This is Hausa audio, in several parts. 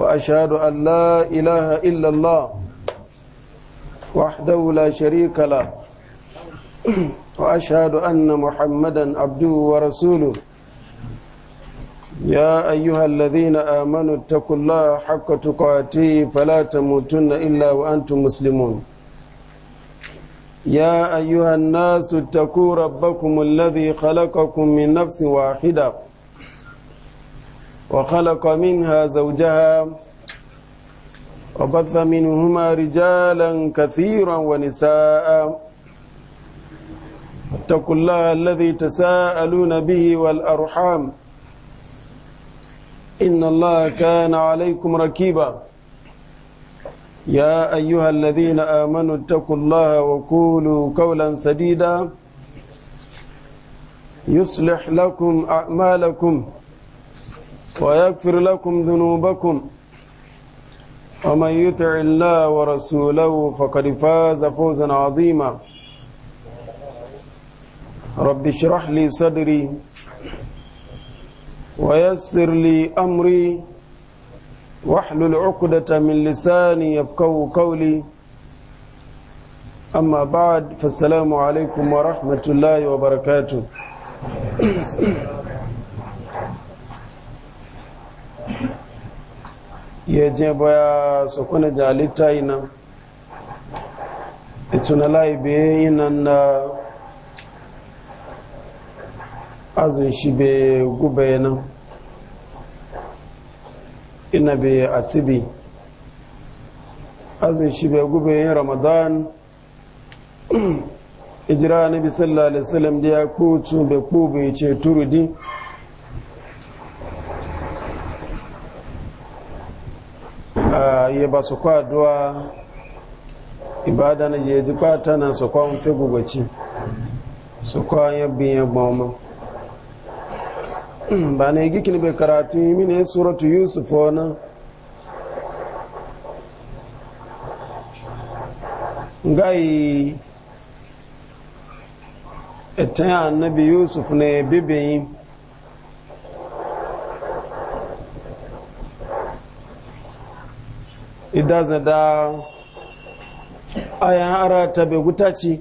وأشهد أن لا إله إلا الله وحده لا شريك له وأشهد أن محمدا عبده ورسوله يا أيها الذين آمنوا اتقوا الله حق تقاته فلا تموتن إلا وأنتم مسلمون يا أيها الناس اتقوا ربكم الذي خلقكم من نفس واحدة وخلق منها زوجها وبث منهما رجالا كثيرا ونساء اتقوا الله الذي تساءلون به والأرحام إن الله كان عليكم ركيبا يا أيها الذين آمنوا اتقوا الله وقولوا قولا سديدا يصلح لكم أعمالكم ويغفر لكم ذنوبكم ومن يطع الله ورسوله فقد فاز فوزا عظيما رب اشرح لي صدري ويسر لي امري واحلل عقدة من لساني يفقه قولي أما بعد فالسلام عليكم ورحمة الله وبركاته ya je baya su kuna jalita ina ituna laibe ina na azun shi be gube nan ina be asibi azun shi be gube yin ramadan ijira na bisalla da salam da ya kucu be kube ce turudi Uh, ye ba su kwa duwa ibada na je ji kwata na su kwa mfe gugaci su kwa ya biyan gbama ba na yi bai karatu yi mini suratu yusuf wani gai etan annabi yusuf ne bibiyin da zada ayan ara ta bai guta ce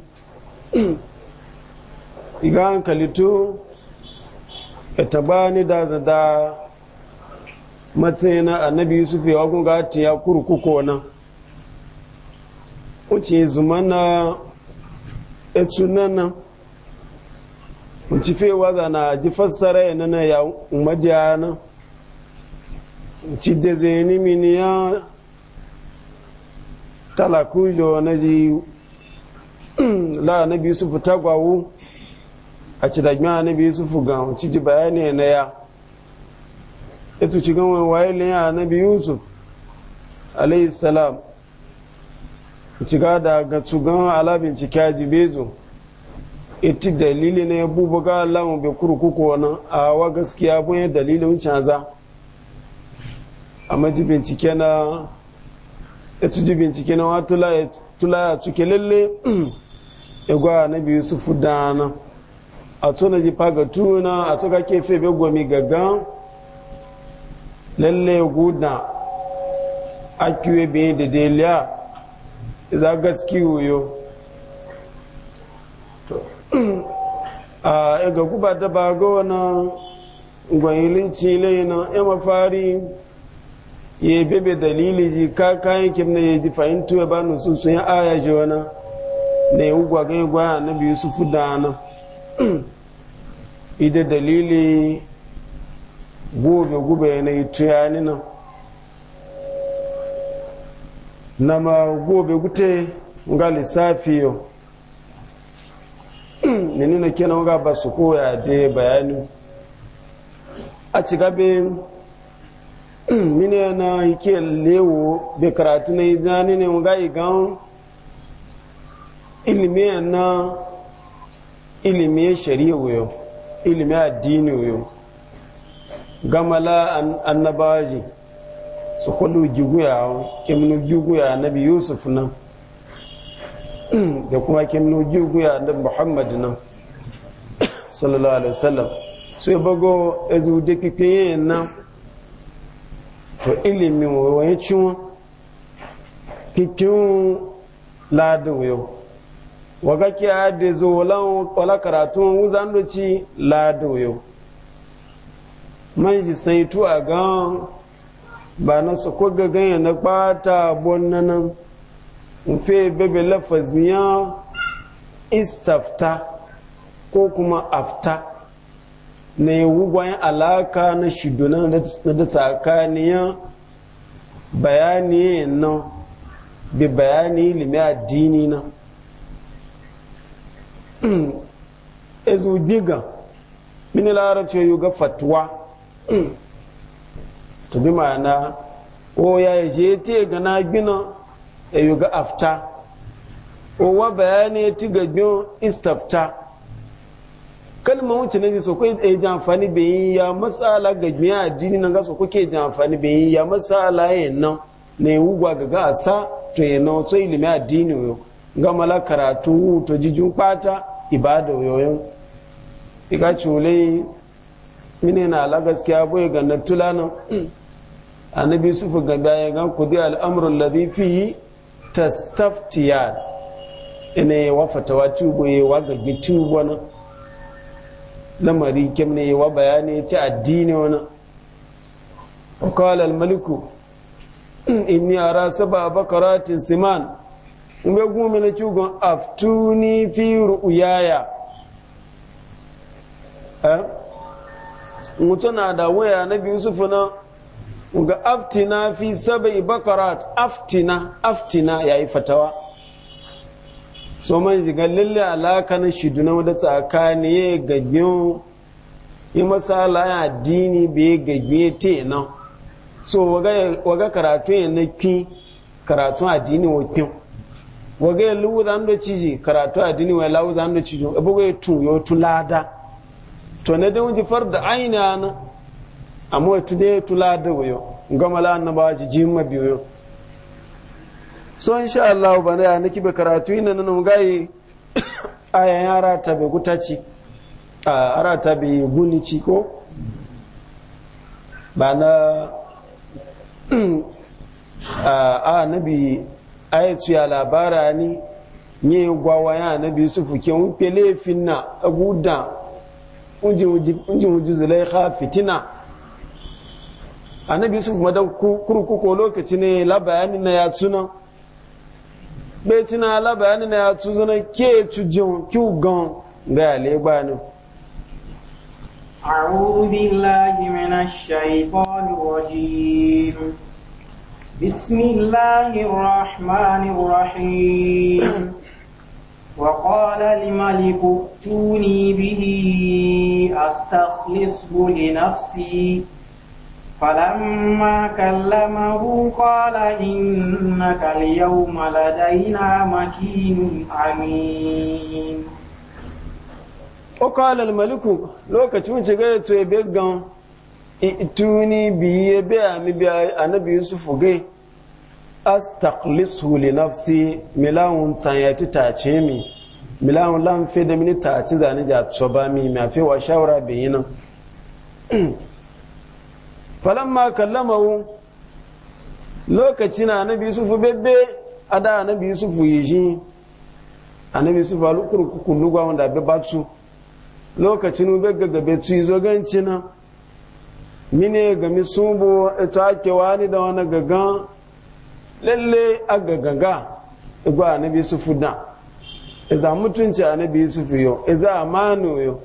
iga hankalitu ya taba ni da zada matsayi na annabi yusuf ya ga ta ya kurkuku na wuce zuma na etu na wuce fewa na ji fassara ya nana ya umajiya na wuce da zai ni miniyan talakuyo na ji la na biyu su fita gwawu a ci da gina na biyu su fuga ci ji bayani na ya ito ci gan waye ne ya na biyu yusuf alaihissalam salam ci ga da ga tsugan alabin ci kyaji bezo iti dalili na ya bubu ga alamu bai kurkuku wani a wa gaskiya bun ya dalilin canza a majibin bincike na ya ci bincike na wa tula ya cike lalle ya gwa na biyu su fudana a tuna ji faga tuna a tuka kefe bai gwami gaggan lalle guda akiwe kiwe biyu da deliya za gaski wuyo a ga guba da ba ga wani gwani linci lai na ya mafari ya bebe dalili ji ka kayan ya ji fahimtu ya ba nusu sun yi aya shi wani na ya ugwa ga igwa da ida dalili gobe gube na tuyani nan na ma gobe gute nga lissafi yau ne nuna kenan ga ba koya da bayani a ci mine na ke lewo be karatu na ijani ne nga igan ilimi na ilimi shari'a wuyo ilimi addini wuyo gamala annabaji su kwallo giguya kemnu giguya nabi yusuf na? da kuma kemnu giguya na muhammad na sallallahu alaihi wasallam sai bago ezu de kikiyen na to ilimin wani cin kikin ladin yau waga kiya da zolan wala karatun wuzan doci ladin yau man sai tu a gan ba na su ko gagan ya na bata bonnanan fe bebe lafaziyan istafta ko kuma afta na yi gwayan alaka na shidona na da tsakaniyan bayani nan bi bayani limi addini na hmm. ezu biga mini larabci yi ga fatuwa hmm. to bi ma'ana o ya yi je te ga na gina e yi ga afta o wa bayani ti ga bin istafta kalmar wuce na ji so kai eh, amfani bai yi ya matsala ga na addini nan ga so kuke bai yi ya masala yin nan ne wugwa ga ga asa to yin nan wato ilimi addini yau ga mala karatu to jun kwata ibada yoyon iga cule mine na ala gaskiya boye ga na tulana annabi sufu ga baya ga kudi al'amru alladhi fi tastaftiyan yi wa fatawa tubo yi wa ga tubo na. lamari kemne wa bayani ta addini wani وقال الملك إني أرى سبع بقرات سمان na من تشوغن aftuni fi رؤياي أه eh? na da waya na biyu na ga aftina fi saba'i bakarat aftina aftina yayi fatawa so man shiga lalle alaka na shiduna wadda tsakani ya gaggin yi masala ya dini bai ya te na so waga karatu ya na kin karatu dini wa kin waga ya lu za da ciji karatu a dini wa lawu za da ciji abu ya tu ya tu lada to ne da wani far da aina na amma ya tu ne ya tu lada wayo gama la annabawa ji jimma biyu so insha Allah ba na niki be karatu ina nan gayi aya yara ta be gutaci a ara ta be gunici ko bana a nabi ayatu ya labara ni nye gwawa ya nabi yusufu ke un pele finna aguda unji unji zulaikha fitina annabi yusuf madan kurkuku lokaci ne labayanin na ya tunan bẹ́ẹ̀ tí náà alábàá na àtúnzọ́nà kí è tún jẹun kí ò gan gbẹ́ àlẹ́ gbà ní. وقال الملك اتوني به أستخلصه لنفسي kalamma kallama bukola na na kan yau malam o kawai da almaliku lokaci mun shigar da bai gan e tuni biyar mi biyar a na biyu sufuri a siya takalmin milawun san ya ta ta ce min milawun lan da mun ta ce zan ija a tuso ba shawara bai falamma kallamahu lokaci na annabi yusufu bebbe ada annabi yusufu yishi annabi yusufu alukur kukunugwa wanda be batu lokacin gaga gagabe tu izo ganci na mine ga misumbo ita ake wani da wani gagan lalle a gagaga igwa annabi yusufu da iza mutunci annabi yusufu yo iza amanu yo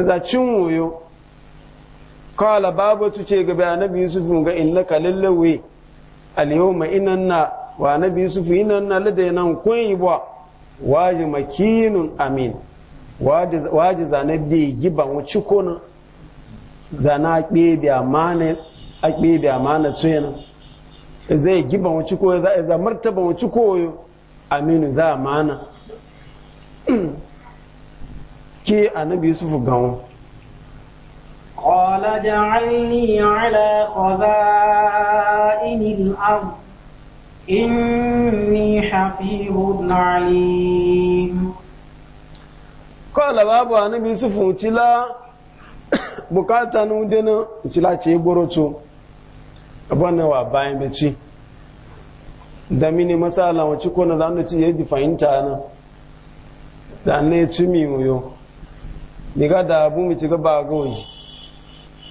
iza cinwo yo kala babu tu ce gaba annabi yusuf ga innaka lallawe al-yawma inanna wa annabi yusuf inanna ladayna kun yibwa waji makinun amin waji zane de giban wuci kona zana kebe amana a kebe amana tuyana zai giban wuci ko za martaba wuci koyo aminu za amana ke annabi yusuf gawon قال اجعلني على خزائن الأرض إني حفيظ عليم قال بابا أنا يوسف وتلا bukata nu dena tila abana wa bayan beci da mini masala wacce ko na zanu ci yaji fahimta na da ne tumi muyo diga da abu mu ci gaba ga waje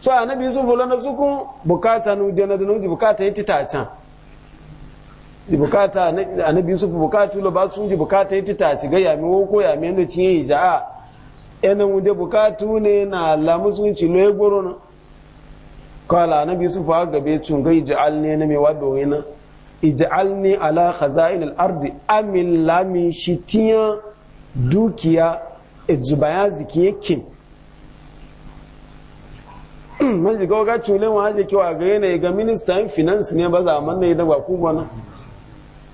so anabi yusuf na suku bukata nu jana da nuji bukata yiti tita can di bukata anabi yusuf bukatu lo ba sun ji bukata ya tita ci gaya ya mi woko ya mi no cinye ja a yanan wuje bukatu ne na alamu sun ci lo goro na kala anabi fi ha gabe tun ga ij'alni na mi wado yana ij'alni ala khaza'in al'ardi amin lamin lamin tiyan dukiya ejubayazi kiyekin man hmm, ji gawa gaci wa haje kiwa ga yanayi ga ministan finance ne ba za a manna yi ba ku na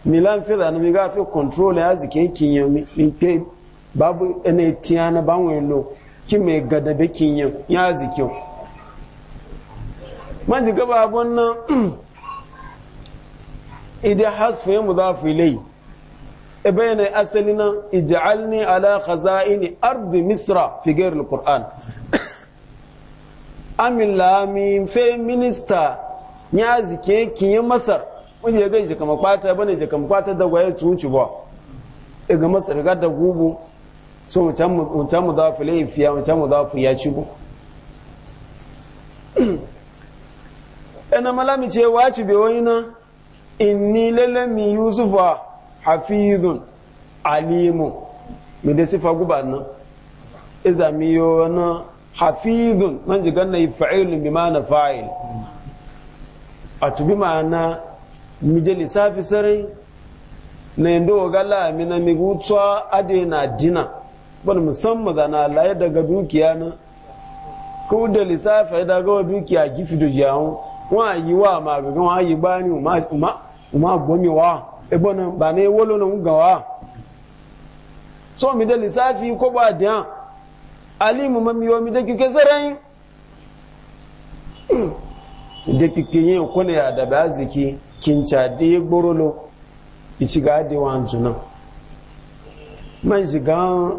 milan fi zanu mi gafi control ya zike kinyo ke babu ene tiana ba wani lo ki mai gadabe yi ya zike man ji gaba abun nan hmm, idan hasfa ya mudafi lai e bayyana asali nan ne ala khaza'ini ardi misra fi ghairi alquran amilami fe minista ya zike kiyin masar wani ya gaji jika makwata bane jika kama da gwaye tsunci ba e ga masar ga da gugu so wancan mu zafi laifiya wancan mu zafi ya ci bu ina e malami ce waci bai wani na inni lalami yusufa hafizun alimu mi da sifa guba nan izamiyo wani hafizun man zigan na yi fa'ilun bi mana fa'il a tubi ma'ana mije lissafi sarai na yin dogo gala mina mi gutuwa ade na dina bani musamman da na laye daga dukiya na ko da lissafi ya daga wa dukiya gifi da jiyawun wa yi wa ma gagan wa yi ba ni ma gomewa ebonan ba na yi wolo na gawa so mi da lissafi ko ba diyan alimu mami yomi da kike zarai da kike yin kuna ya da ba ziki kin ca da ya gborolo ici ga adewa nan man shiga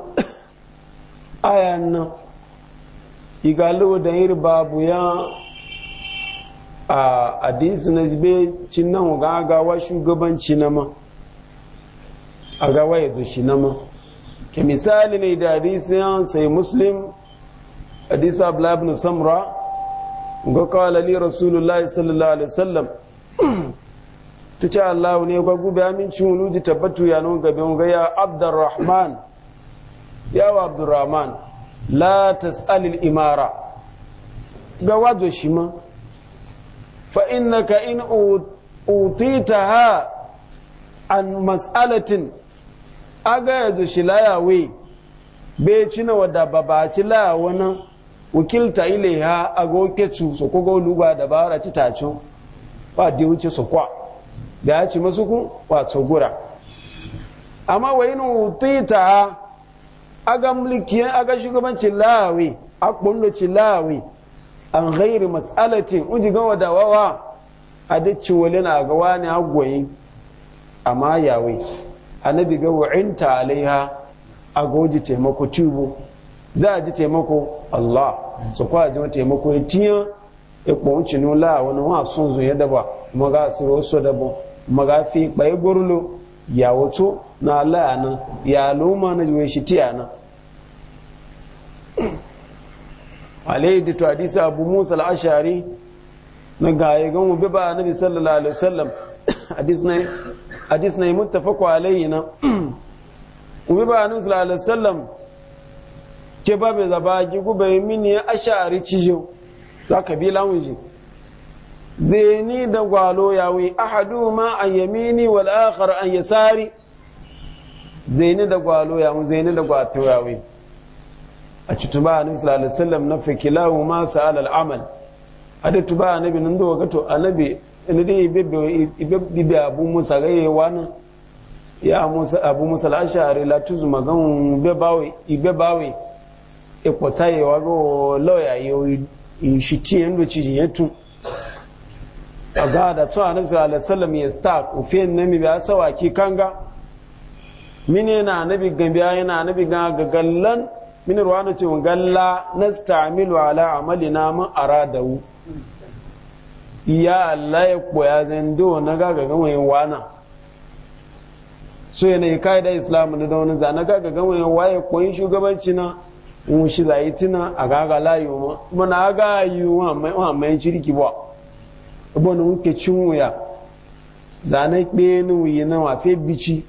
ayan nan igalo da iri babu ya a adinsu na zibe cin nan ga agawa shugabanci na ma a gawa ya zo shi na ma misali ne da hadisiyan sai muslim hadisa abla ibn samra ga kawala li rasulullahi sallallahu alaihi wasallam ta ce allahu ne ga gube aminci wulu tabbatu ya nun gabe ga ya abdurrahman ya wa abdurrahman la tas'alil imara ga wajo shi in fa innaka an mas'alatin aga yanzu shi layawe be cina wadda babaci layawa nan wakilta ile ha a goke cu su kogo lugwa da bara ci tacu ba di wuce su kwa da ya ci masu kun wato tsogura amma wa yin ga aga a aga shugabancin layawe a kulluci layawe an gairi mas'alatin uji gawa da wawa a dacci wale na ga wani agwayi amma yawai annabi ga wa'inta alaiha a goji taimako tubu za a ji taimako Allah su kwa ji taimako ya tiya ya kwanci nula wani wa sun zuye da ba kuma ga su so da ba kuma ga fi ɓaye gurlo ya wato na Allah ya nan ya loma na juwe shi tiya nan alayhi da hadisi abu musa al-ashari na gaye gan mu bi annabi sallallahu alaihi wasallam hadis na hadis na yi muttafaqu alayhi na ubi ba anu sallallahu alaihi wasallam ke ba be zaba gi gube mini ashari cijo za ka bi kabila wuji zeni da gwalo yawi ahaduma an yamini wal akhar an yasari zeni da gwalo yawi zeni da gwato yawi a cutuba ba nufi sallallahu alaihi wasallam na fikilahu ma sa'al al'amal a da tuba a nabi nan da wagato a nabi ina dai ibe abu musa gaye wani ya abu musa la'ashari latuzu magan ibe bawe ikwata e yi wa go lawyer yi shi tiyan da cijin ya tun a ga da tun a nufisar alasalam ya stark ufiyan nami ba sawa ki kanga mini yana anabi gambiya yana anabi ga gallan mini ruwa na ce galla na stamilu ala amalina man aradawu ya Allah ya koya zando na gaga gama yin wana so yanayi ka'idar islam da na zana gaga gama yin waye koyin shugabanci na in shi zai tuna a gaga layu ma kuma na aga yi wa mai shirki ba abuwa na wuke cin wuya zane kpe ni wuyi na wa fe bici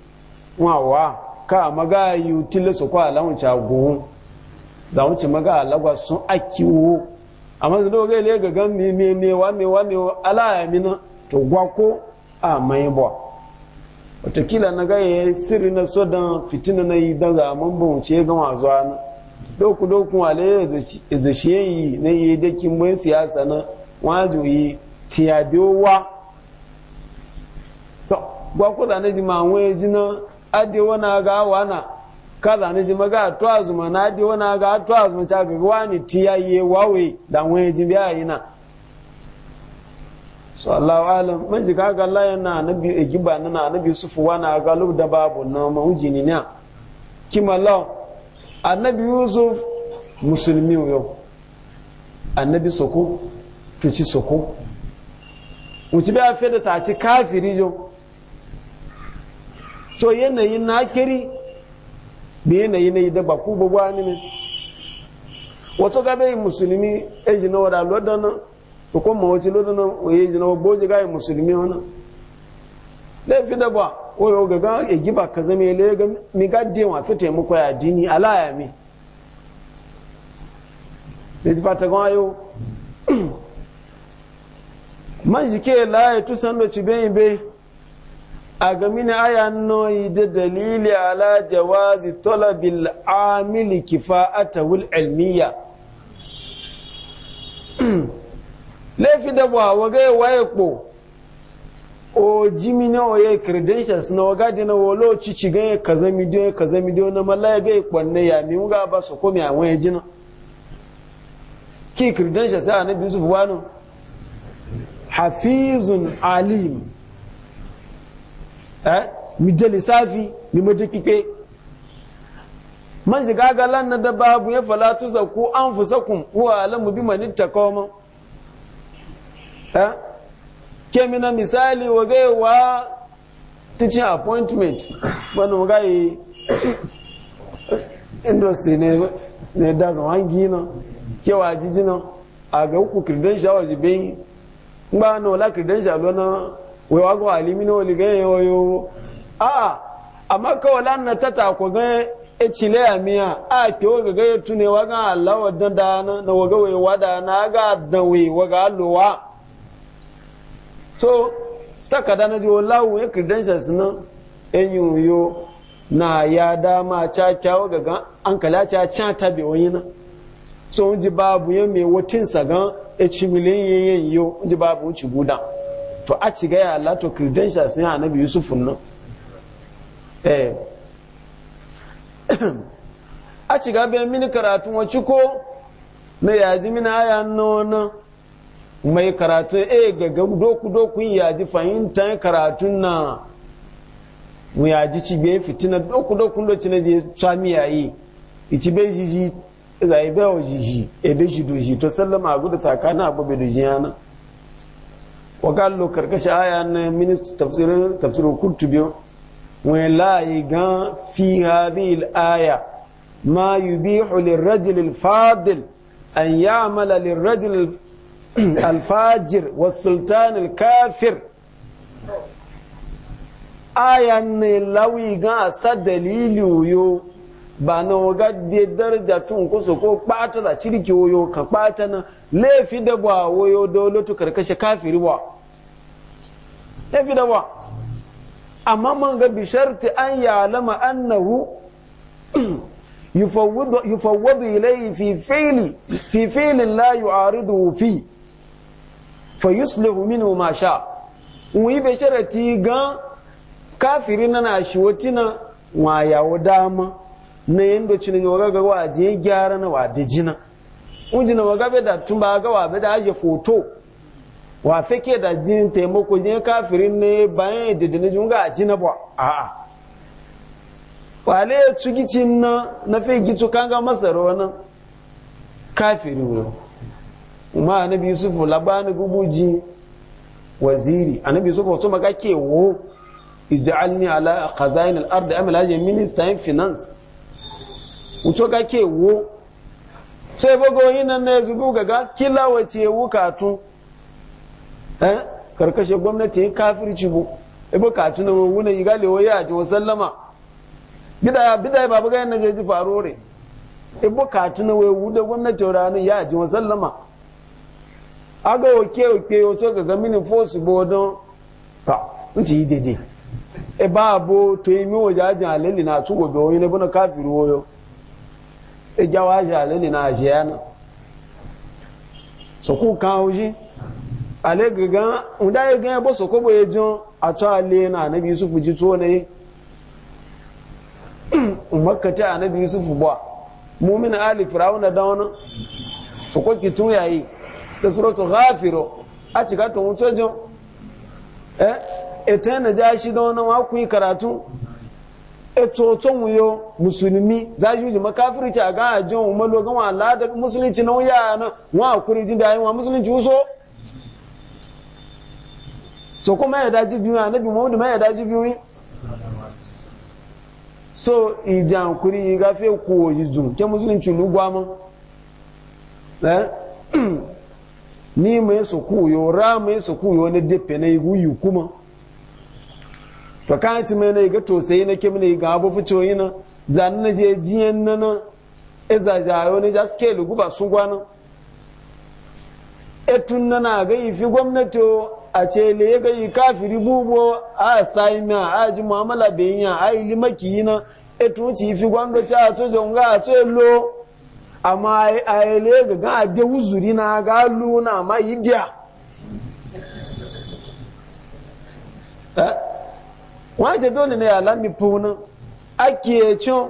wa wa ka maga yi tilasa kwa alawun cagohun zawun ci maga alagwa sun aki wo amma zai doga ile ga gan mi mi mi wa mi wa mi ala ya mina to gwa ko a mai Otakila na ga ya sirri na so dan fitina na yi dan zaman ba wuce ga wazo na doku doku ale ezo shi yi na yi daki mun siyasa na wajo yi tiyabiwa to gwa ko da na ji ma wani ji na adewa na ga wana kaza ne jima ga to azuma na di wana ga to azuma ta ga wani tiya ye wawe da wani ji biya na so Allah alam man ji ga Allah na annabi e giba na na annabi Yusufu wana ga lu da babu na ma ujini ne kima law annabi Yusuf musulmi yo annabi soko tuci soko mutu biya fi da ta ci kafiri yo so yanayin na kiri bi yanayi na yi da ba ku babuwa ni ne wato gabe yi musulmi e jina wa da lodana to kuma wace lodana o yi jina wa boje ga yi musulmi wana laifin da ba o yau gaga ya giba ka zama ya lega mi ga dewa fi taimako ya dini alaya mi ne ti fata gwa yau man jike la ya tusan da ci a game na aya noyi da dalili ala jawazi talabil amili kifa'ata wul ilmiya laifi da ba waga ya waye ko o jimi na waye credentials na waga da na wolo cici gan ya kaza midiyo ya kaza midiyo na mala ga ya kwanne ya mi muga ba su komi a wani jina ki credentials ya anabi yusuf wano hafizun alim Eh? mi je lissafi mi maje kike man shiga ga lan da babu ya fala tu zakku anfusakum wa alamu bi ta koma eh ke mina misali wa ga wa teaching appointment wani ga yi industry ne ne da zaman gina ke wa jijina a ga ku credential wa jibin ba no la credential na wai wago alimi na wali ganyen wayo a amma kawai lan na tata ko ga e chile ya miya a ke waga ga tune waga Allah wadan da na waga wai wada na ga dan wai waga lowa so takada na jo lawo e credentials na enyu yo na ya dama cha cha waga ga an kala cha cha tabe na. so unji babu yan me wotin sagan e chimile yen yen yo unji babu unchi gudan to a ci gaya Allah to sun ne anabi Yusuf nan eh a ci gaba mini karatu wa ciko na yaji mini aya nona mai karatu eh gaga doku doku yaji fahimta karatun na mu yaji ci biye fitina doku doku lo na je tsami yayi ici be jiji zai be o jiji e be jido jito sallama gudu tsakanin abu be dujiyana wakallo karkashin aya na ministan tafsirin tafsirin kurtubiyo wani layi gan fi hadhihi aya ma yubihu lirrajul fadil an ya'mala lirrajul alfajir wasultan alkafir aya ne lawi gan asa dalili yo ba na waga de daraja tun ko ko kpata da cirki woyo ka kpata na laifi da ba woyo dole to karkashe kafiri ba laifi da ba amma man ga bi ta an alama annahu yufawwadu ilayhi fi fi'li fi fi'lin la yu'aridu fi fayuslihu minhu ma sha wi be sharati ga kafiri na na shi na. wa yawo dama na yendo cini ga waga ga waje gyara na wa da jina unji na waga da tun ba ga wa da aje foto wa fake da jin taimako jin kafirin ne bayan da dinin jin ga jina ba a'a wale tsugicin na na fi gitu kanga masaro wannan kafiri ne ma annabi yusuf labani gubuji waziri annabi yusuf wato maga ke wo ij'alni ala khazain al-ard am la finance wuce ga ke wo sai bago yi nan na ya zubi gaga kila wace ya wukatu eh karkashe gwamnati ya kafirci bu ibo katu na wu wuna yi galewa ya ji wasallama bidaya bidaya ba buga yana jeji faro re ibo katu na wewu da gwamnati ranar ya ji wasallama aga oke oke oto gaga mini fosu bodon ta nci yi dede e ba bo to yi miwo jajin alele na tuwo bi oyin ebe na kafiru woyo ejawaji alini na ajiyana soko kan oji ale gagan nda gagan bo soko bo ejon atsɔ ale na anabi yusuf tso ne umakata anabi yusuf ba mumin ali firawuna da wani soko kitun yayi da suratu ghafiro a cika to mutojo Ɛ, eh, etan na dza si da na, wa kun karatu etsotson wuyo musulmi za yi yi makafirci a gan ajiyar umar logan wa lada musulunci na wuya na wa akuri jin da wa musulunci wuso so kuma ya daji biyu a nabi muhammadu ma ya daji biyu so ija kuri yi gafe ko yi jun ke musulunci lu gwaman eh? ni mai su kuyo ra mai su kuyo na defe na yi guyu kuma to kan ci mai na ga to na kim ne ga abu fico yi na zan na je jiyan na na iza e jayo ne ja suke lugu ba su gwana etun na na ga ifi gwamnati a ce le ya ga yi kafiri bubo a sai ma a ji mu'amala bayan a yi limaki yi na etun ci ifi gwamnati ci a so jonga a so lo amma a yi le ga ga ade wuzuri na ga luna ma yi diya eh? wọ́n ṣe dóòlì ní àlámì púnú akíyẹ̀chún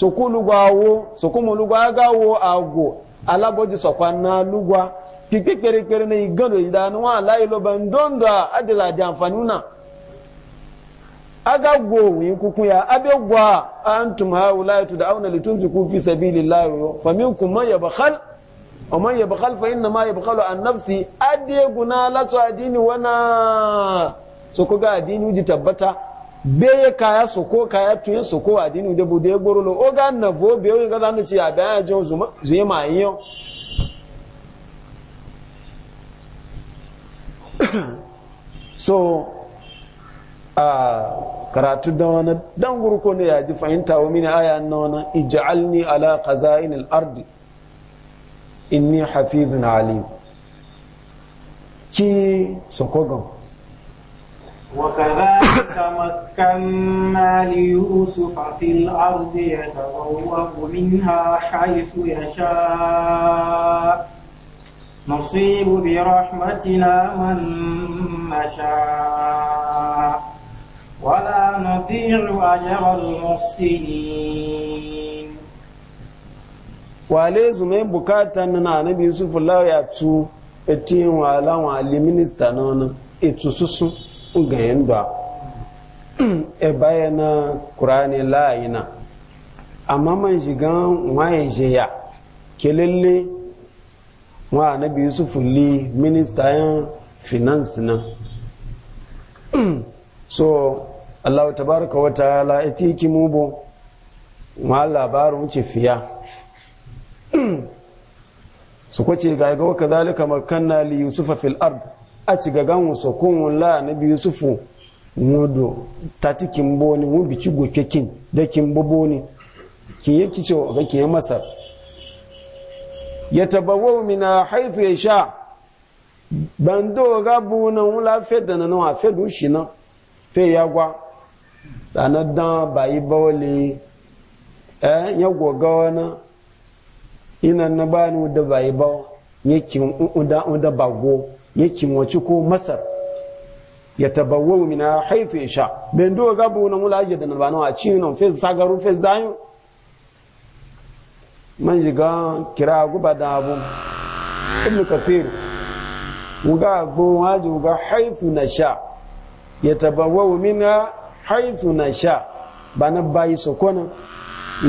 sòkúlùgbà wo sòkúmùlùgbà agáwo àgò alábọ́jú sọ̀kwá náà lùgbà pípé pérépéré ní ìgànnà ìdáná wọn àláyé ló bẹ ń dóńdó àjẹsà àjẹ àǹfààní náà agago yin kukun ya abegwa antum haula tud'auna litunfiqu fi sabilillahi faminkum man yabkhal ومن يبخل فإنما يبخل عن نفسه أدي غنا لا تعديني وانا سوكو غا وجي تبتا beye kaya soko kaya tuye soko da dinu de bude gboro lo oga na bo be o ga zanu ci abi an jo zuma zuye ma yin so a karatu da wani dan gurko ne ya ji fahimta wa mini aya na wani ij'alni ala khaza'in al-ard inni hafizun alim ki sokogon وكذلك مكنا ليوسف في الأرض يتبوأ منها حيث يشاء نصيب برحمتنا من نشاء ولا نضيع أجر المحسنين wale zume bukata na anabi yusuf lawa ya tu etin wala wa ali minista na wani etu susu gayen da e bayana kurani la'ayina amma man shigan waye sheya kelele wa anabi yusuf li minista yan finance na so allah tabaraka wa ta'ala iti mubo ma labarin ce fiya su kwace ga ga wa kadhalika makanna li yusufa fil ard a ci gagan wasu kun la na biyu sufu mudu tati kin boni mu bi ci goke kin da kimbo boni ki kice wa ga masar ya tabawwa mina sha ban do ga na wula fe da na wa fe du shi na fe ya gwa na dan bayi bawle eh ya goga wani ina na bani da bayi bawo yake da ba bago ya kimoci ko masar ya tabawwau mina haifu ya sha ben do ga bu na mula aje da nalbana a cin non fez sagaru fez zayu man jiga kira guba da abu ibn kathir uga bu waje ga haifu na sha ya tabawwau mina haifu na sha bana bayi sokona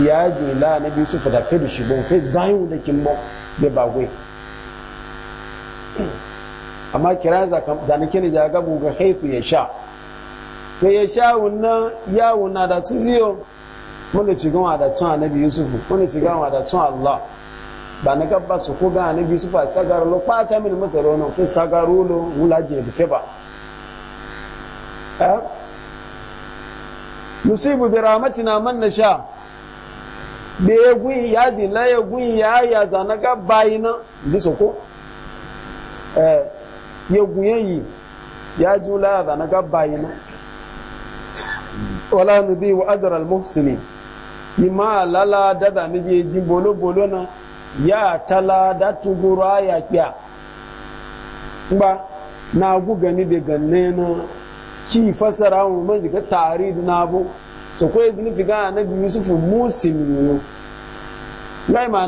ya ji la na biyu su fada fedu shi bon fez zayu da kimbo da bagwe amma kira zane kini ja gabu ga haifu ya sha Ka ya sha wunan ya wunna da su ziyo wanda ci gama da tun annabi yusufu wanda ci gama da tun allah ba na gaba su ko ga annabi yusufu a sagar lo kwata min masaro eh? na, fi sagaru lo wulaje da fe ba musibu bi rahmatina man nasha be gun ya ji la ya gun ya ya zana gaba ina ji soko eh ya guyayi ya jula ya zana gaba yi na wala nu di wa ajra al yi ma lala da ni je ji bolo bolo na ya tala da tugura ya kya ba na gu gani be ganne na ki fasara mu manji ga da na bu so ko yanzu ni figa annabi yusuf musulmi ne ngai ma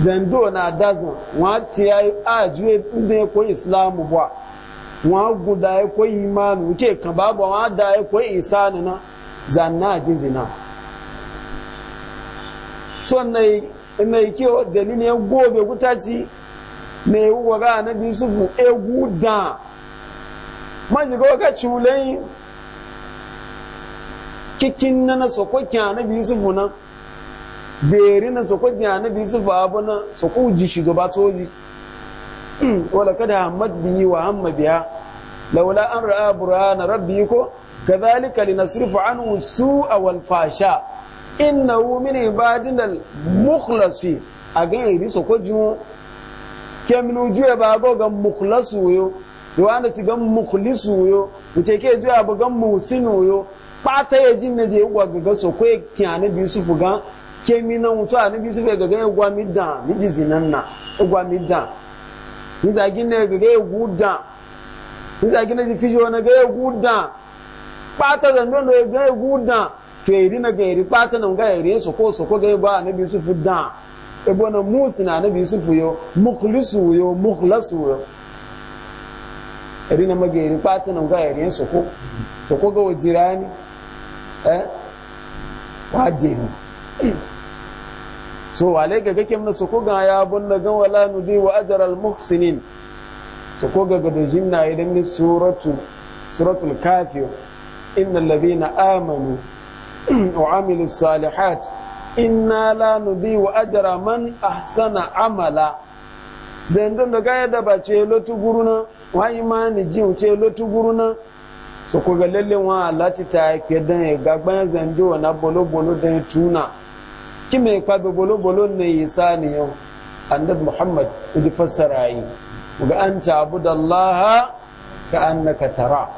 zando na dazan wa ya yi ajiye inda ya koyi islamu ba wa guda ya imanu ke ka babu wa da ya koyi isani na zanna ji zina so na yi kewa dalilin ya gobe gutaci na yi wura na bisufu egu da majiga waka culayi kikin na na sokokin anabi bisufu na. beri na sako jihani bi su fa abu na sako ji shugaba toji wala kada hamad biyi wa hamma biya laula an ra'a na rabbi ko kadhalika linasrifu anhu su'a wal fasha innahu min ibadina al mukhlasi aga iri sako ju keminu juya ba go ga mukhlasu yo yo ana ci ga mukhlisu yo ke juya e ba ga musinu yo pata ya e jin na je wa ga sako e kiyana bi su fuga kemi na mutu a nabi sufe gaga ya gwa mida miji zinan na ya gwa mida nisa gina gaga ya guda nisa gina ji fishi wani ga ya guda kpata da ndono ya ga ya guda to ya iri na ga iri kpata na ga iri soko soko ga ya ba a nabi sufe da ebo na musi na nabi sufe yo mukhlisu yo mukhlasu yo iri e na maga iri kpata na ga iri soko soko ga wajirani eh wa deni so wale ga gake mna su koga ya da gan wala nudi wa ajral muhsinin su koga ga dojin na idan ni suratu suratul kafir innal ladina amanu wa amilus salihat inna la nudi wa ajra man ahsana amala zendon da gaya da ba ce lotu guruna wa imani ji ce lotu guruna su koga lalle wa lati ta ke dan ga gban zendo na bolo bolo dan tuna Ki me be bolo bolo ne yisa ne yau annabi muhammad idi fassara yi ga an ta'budallaha ka annaka tara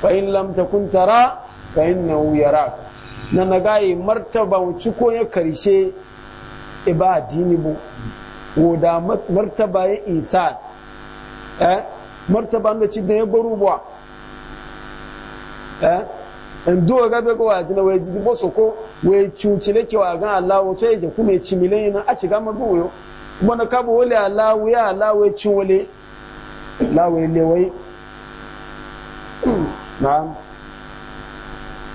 fa in lam takun tara fa innahu yarak na nagayi martaba wuci ko ya karshe ibadini e bu woda martaba ya isa eh martaba da ci da ya baru bwa eh ndo ga be ko ajina waji bo soko we cucile ke wa gan Allah wato yake kuma ci miliyan nan a ci gama goyo kuma na kabo wale Allah ya Allah we ci wale Allah we le wai na'am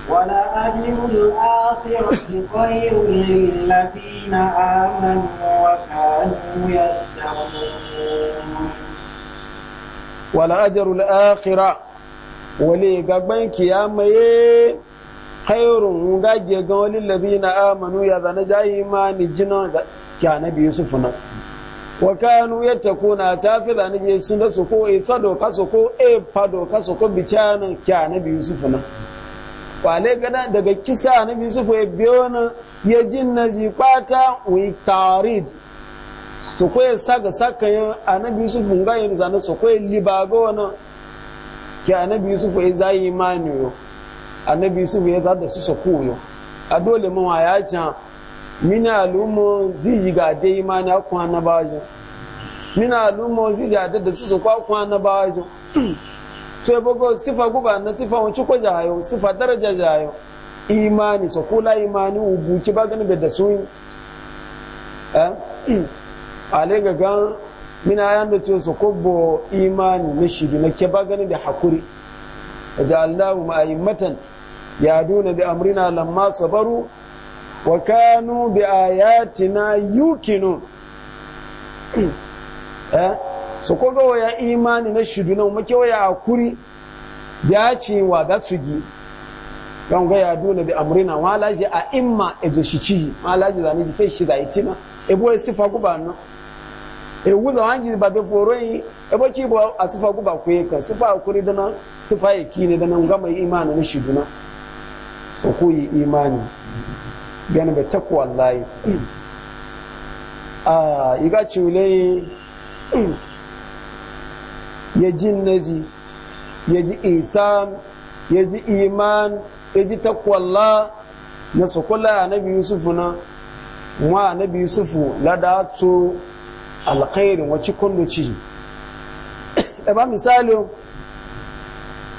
wala ajru al-akhirati khayrun lil ladina amanu wa kanu yattaqun wala ajru al-akhirah wale gagban kiyamaye khairun gage ga wani ladina amanu ya zana jayi ma ni jina ga biyu yusuf na wa kanu yatakuna ta fi zane je sun da su ko e ta doka su ko e fa doka su ko bicana kyana biyu yusuf na kwale gada daga kisa nabi yusuf ya e biyo na ya jin na ji kwata wi tarid su ko ya saka saka ya anabi yusuf ga yin zane su ko libago na biyu su yusuf ya e zayi ma ni yo annabi yusuf ya zada su su koyo a dole mawa ya can mina alumo ziji ga dai ma na kwa na bajo mina alumo ziji ga da su su kwa kwa na bajo sai bugo sifa guba na sifa wuci ko jayo sifa daraja jayo imani so kula imani ubu ki ba ganin da su eh ale ga ga mina yan da ce su kubbo imani na shidi na ke ba ganin da hakuri da Allahu ma'immatan يعدون bi لما صبروا وكانوا بآياتنا kanu yukinu eh so ko ga waya imani na shudu na muke waya akuri ya ce wa ga tsugi don ga na bi amrina wala ji a imma ezo shi ci wala ji zani ji fe shi da itina e boye sifa ku ba no e wuza wangi ba be foro yi e bo ki bo asifa ku ba ku e kan sifa akuri dana sifa yake ne dana ngama imani na shudu na su ku yi imani yana bai takwa wallahi a iga cule ya ji nazi ya ji isan ya ji iman ya ji takwalla na sukula nabi yusufu na wa nabi yusufu ladatu alkhairin wacce kunduci ba misali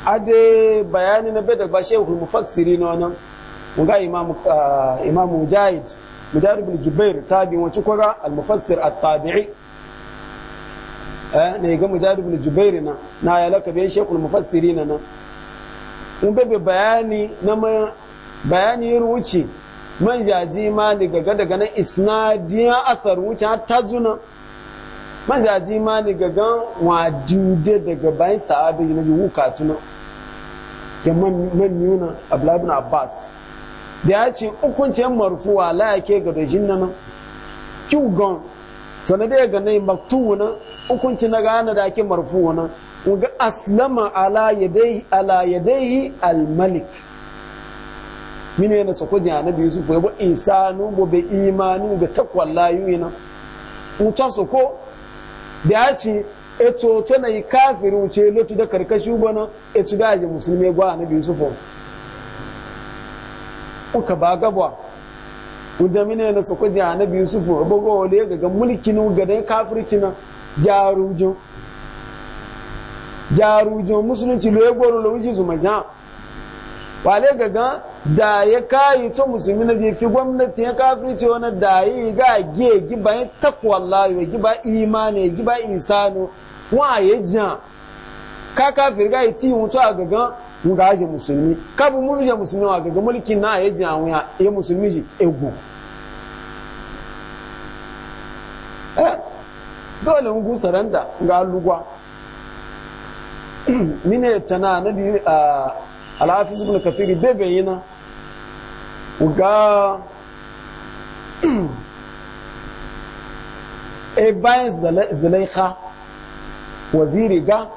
ade bayani na bai da ba shehu mufassiri na wannan mun ga imam ah, imam mujahid mujahid ibn jubair tabi wacce kwaga al mufassir at tabi'i eh ne ga mujahid ibn jubair na na ya laka bai shehu mufassiri na nan mun bai bayani na ma bayani ruci man jaji ma ni ga daga na isnadiyan athar wuce ta zuna man jaji ma ni ga wa dude daga bayan sahabi na yi wuka tunan ke man nuna abdullahi abbas da ya ce hukuncin marfuwa la yake ga dajin nan kyugon to na daga gane maktubu nan hukunci na gane da ake marfuwa nan ga aslama ala yadayhi ala yadayhi al-malik mine yana sako jin annabi yusuf ya bo insanu bo be imanu ga takwallayu yana mutan soko da ya ce eto to na yi kafiri wuce lotu da karkashi ubana etu gaji musulmi gwa na biyu sufo uka ba gabwa udamine na soko ji na biyu sufo abogo wale gaga mulkin gadan kafirci na jarujo jarujo musulunci lo egoro lo wuji zumaja wale gaga da ya kayi to musulmi na jefi gwamnati ya kafirci wani da yi ga ge giba ya takwa Allah ya giba imani ya giba insano wa ya jiya ka kafir ga iti mutu a gaga mu ga aje musulmi ka bu mu je musulmi wa gaga mulki na ya jiya wa ya musulmi ji ego eh dole mun gusaranta ga lugwa mine tana nabi a ah, alhafiz ibn kathir bebe yana ga e eh, bayan zulaikha waziri ga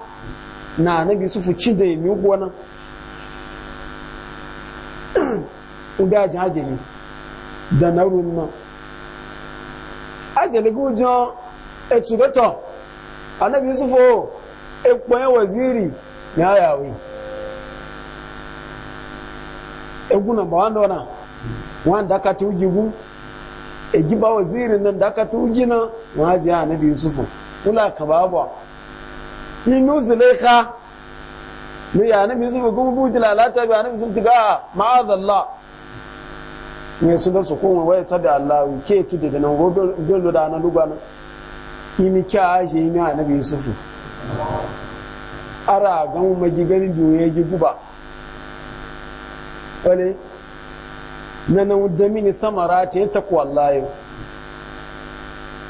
na nabi su fuci da yi gwanan uda jajeli da na runna ajali gujo etubeto eh, anabi yusufo ekpo eh, waziri ya yawi eguna ba wanda wana wanda aka tuji gu e giba wazirin nan da aka tuji na waje ya nabi yusufu kula ka baba inu zulaika ne ya nabi yusufu kuma buji lalata ba nabi yusufu tiga ma'azallah ne su da su kuma waya tabi Allah ke tu da nan go dole da na lugana imi kya aje imi nabi yusufu ara ga mu magiganin biyu ya gi guba wani na nan da mini samara ta yi takwa layo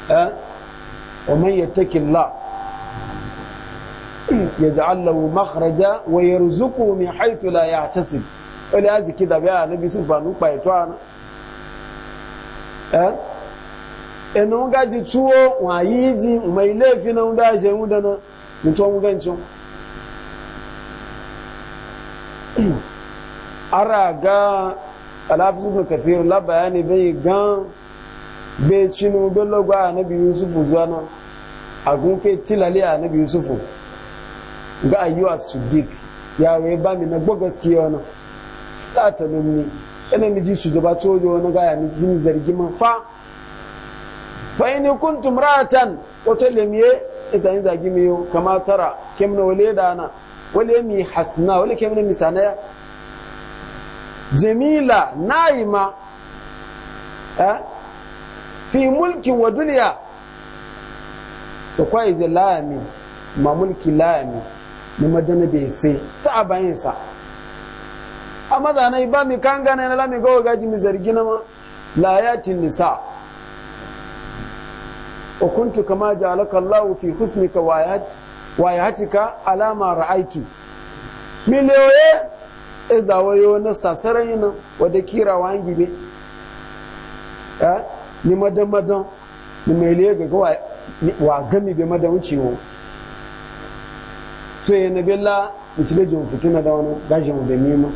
eh wa man la, ya yaj'al lahu makhraja wa yarzuquhu min haifu la ya yahtasib wani aziki da bai nabi bisu ba nu pa ito ana eh enu ga ji tuwo wa yi ji mai lefi na da shi mu da na mutuwa mu gancin ara ga alhafizu ibn kathir la bayani bai gan bai cinu bai a annabi yusufu zuwa a gunfe tilale annabi yusufu ga ayyuwa suddik ya wai ba mi na gbogaski na za ta lumni ina miji su gaba tojo wani gaya mi jin zargi man fa fa kun kuntum ra'atan wato lemiye isa yin zagi miyo kama tara kemna wale dana wale mi hasna wale kemna misanaya jamila na'ima fi mulki wa duniya su kwaye je layami ma mulki layami ni madana bai sai ta a bayansa a nai ba mi kan gane na lami gawa gaji mi zargi na ma layatin nisa wa kama ja'alaka Allahu fi husnika wa yahatika alama ra'aitu miliyoye e zawayo na sasaran yana wadda kira wa gibe ya ni madan madan ni mai liya gaga wa gami bai madan wucewa so na bella mu ci bejin fitina da wani gashin mu bai mima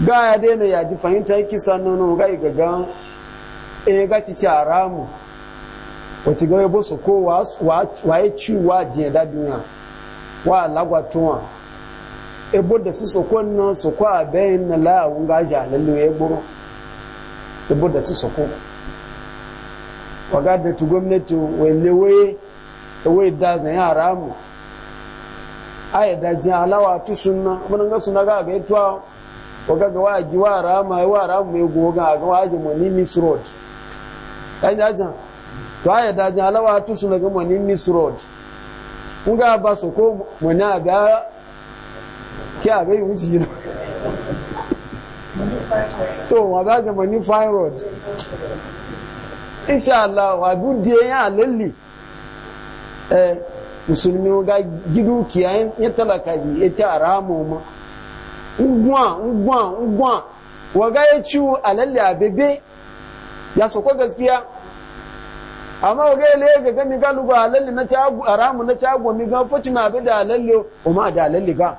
ga ya daina ya ji fahimta yake sannan nan ga gaga e ga ci ci haramu wace ya bo su ko wa ya wa jiya da wa lagwatuwa ebo da su soko na soko a bayan na la'awun gaji a lallu ya gburu ebo da su soko waga da tu gwamnati wale waye waye da zan yara mu a yi da alawa tu suna munan ga suna ga ga ituwa waga ga wa ji wa rama ya wa rama ya goga ga wa ji mani miss road ɗan jajan to a yi da jin alawa tu suna ga mani miss road mun ga ba soko mani a ga abe bai wuce yi to wa za ta mani fyrod insha Allah wa gudiye ya lalli eh musulmi ga gidu kiyayen ya talaka ji ya ci a ramu ma ngwa ngwa ngwa wa ga ya ciwo a lalle a ya soko gaskiya amma wa ga ya laye gaga mi galuba a lalle na ci a ramu na ci na bi da lalle o ma da lalle ga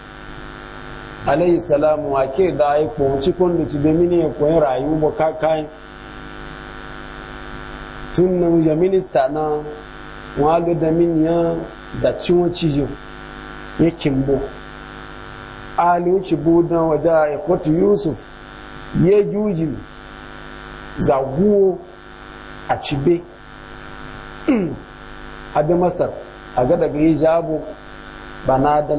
alayhi salamu wa ke da ya kwanci kwanda ci da mini rayu ba tun na ya minista na walo da min ya zaci wacce ya budan waje ya kwatu yusuf ye juji zaguwo a cibe a masar a ga daga yi jabo bana da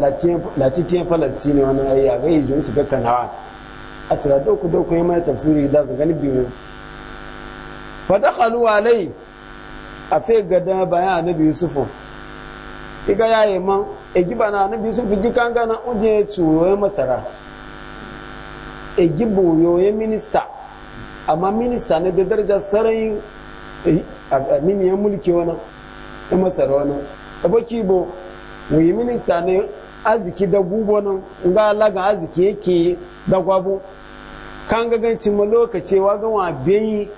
latitiyan palestini wani ayi a gai jun su kakkan hawa a cewa doku doku yi mai tafsiri da su gani biyu fada kaluwa lai a fe gada bayan anabi yusufu iga ya yi man egi bana anabi yusufu ji kangana uje turo ya masara egi boyo ya minista amma minista ne da daraja sarayin e, a miniyan mulki wani ya masara wani abokibo wuyi minista ne arziki da gubo nan ga laga arziki yake da gwabo kan ga ganci ma lokaci wa ga wa bayi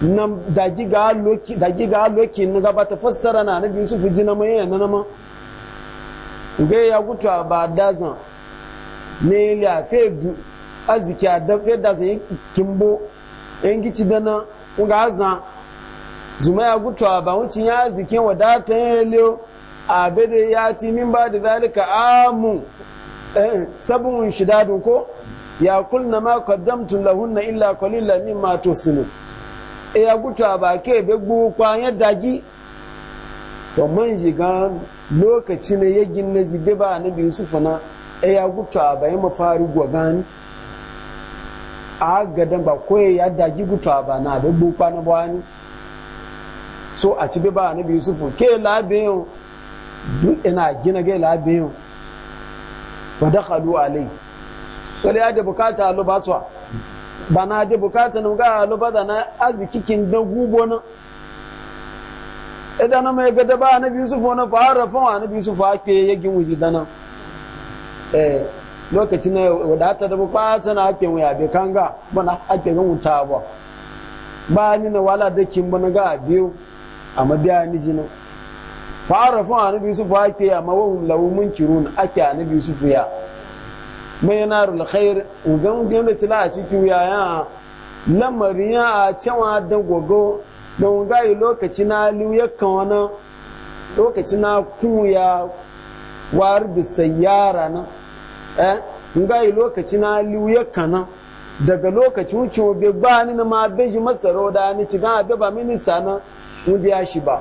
nan da giga loki da giga loki na gaba ta fassara na nabi yusuf ji na mai yana na ma ga ya gutu ba dazan ne ya fe arziki a da fe dazan kimbo yan gici da na ga azan zuma ya gutu ba wucin ya arzikin wadata ya leo abede ya ti min ba da zalika amu eh, sabun shidadun ko ya kulna ma qaddamtu lahunna illa qalilan mimma tusinu e eh, ya guta ba ke be gbu kwa ya dagi to man jiga lokaci ne yagin na jibe ba na biyu su fana e ya guta ba ya mafari gwa gani a gadan ba ko ya dagi guta ba na be gbu kwa na bwani so a ci be ba na biyu su ke labe yau duk ina gina gai labiyin ba da halu alai wani ya da bukata a lubatuwa ba na da bukata na ga lubata na arzikikin da gubo na idan mai gada ba na biyu sufo na fara fawa na biyu sufo ake eh, yagin wuji dana lokaci na wadata da bukata na ake wuya bai kanga ba na ake gan wuta ba ba ni na wala da kin ba na ga biyu a mabiya ni jinin fa'arafin annabi yusuf ake ya mawahum lahu kirun ake annabi yusuf ya mai yana rulkhair ugan jana cila a cikin yaya lamarin ya a cewa da gogo da yi lokaci na liu ya kawana lokaci na kuya war da sayara na eh yi lokaci na liu ya kana daga lokaci wuce wabe ba ni na ma beji masaro da ni cigan abe ba minista na wunde ya shi ba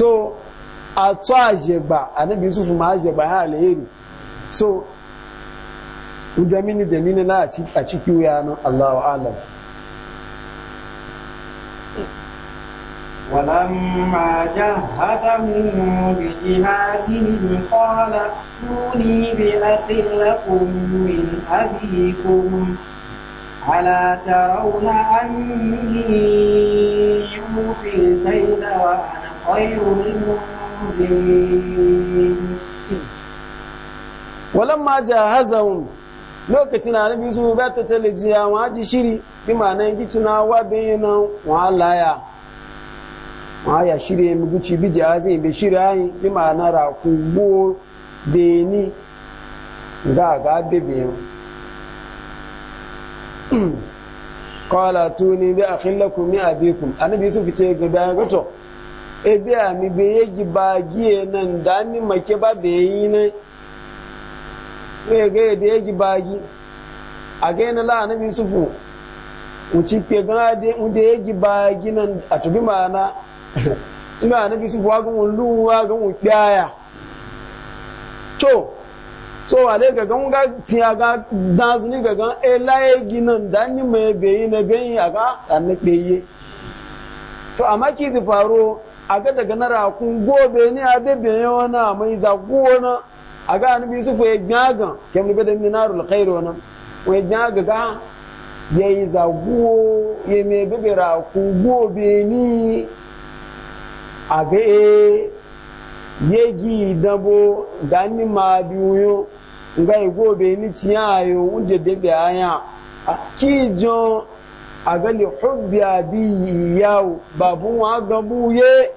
so atọ́ àjẹgbà ànábì yusufu ma àjẹgbà yà lẹ́yìn so ndẹ́mí ni dẹ̀ní ni náà àchíkí wíyá nù aláwọ̀ alam. ولما جهزهم بجهازهم قال ائتوني بأخ لكم من أبيكم ألا ترون أني الكيل وأنا خير المنزلين ولما جهزهم lokacin annabi yusuf ba ta talajiya wa ji shiri bi ma'anan gicina wa bayyana wa laya wa ya shiri mi guci bi jihazin bi shiri ayin bi na ra ku go beni ga ga bebe qala tuni bi akhillakum mi abikum annabi yusuf ce ga bayan gato ebe a mi be yeji bagiye nan da ni make ba be yi ne we ga yadda yeji bagi a ga yana la annabi yusufu uci pe ga de unde yeji bagi nan a tubi mana ina annabi yusufu wa ga wulu wa ga wuya to so ale ga gan ka tia ga dan su ni ga gan e la yeji nan da ni me be yi ne be yi aga annabi ye to amma ki zifaro a ga daga na rakun gobe ni a wani a mai zaku na a ga hannu bisu ya gyaga kem ni bada min narul khairu na wa gyaga ga ya yi zaku ya mai bebe rakun gobe ni a ga e gi dabo dani ma biyu nga gobe ni ciyayo wunde bebe aya a agali hubbi abiyi yawo babun wa gabuye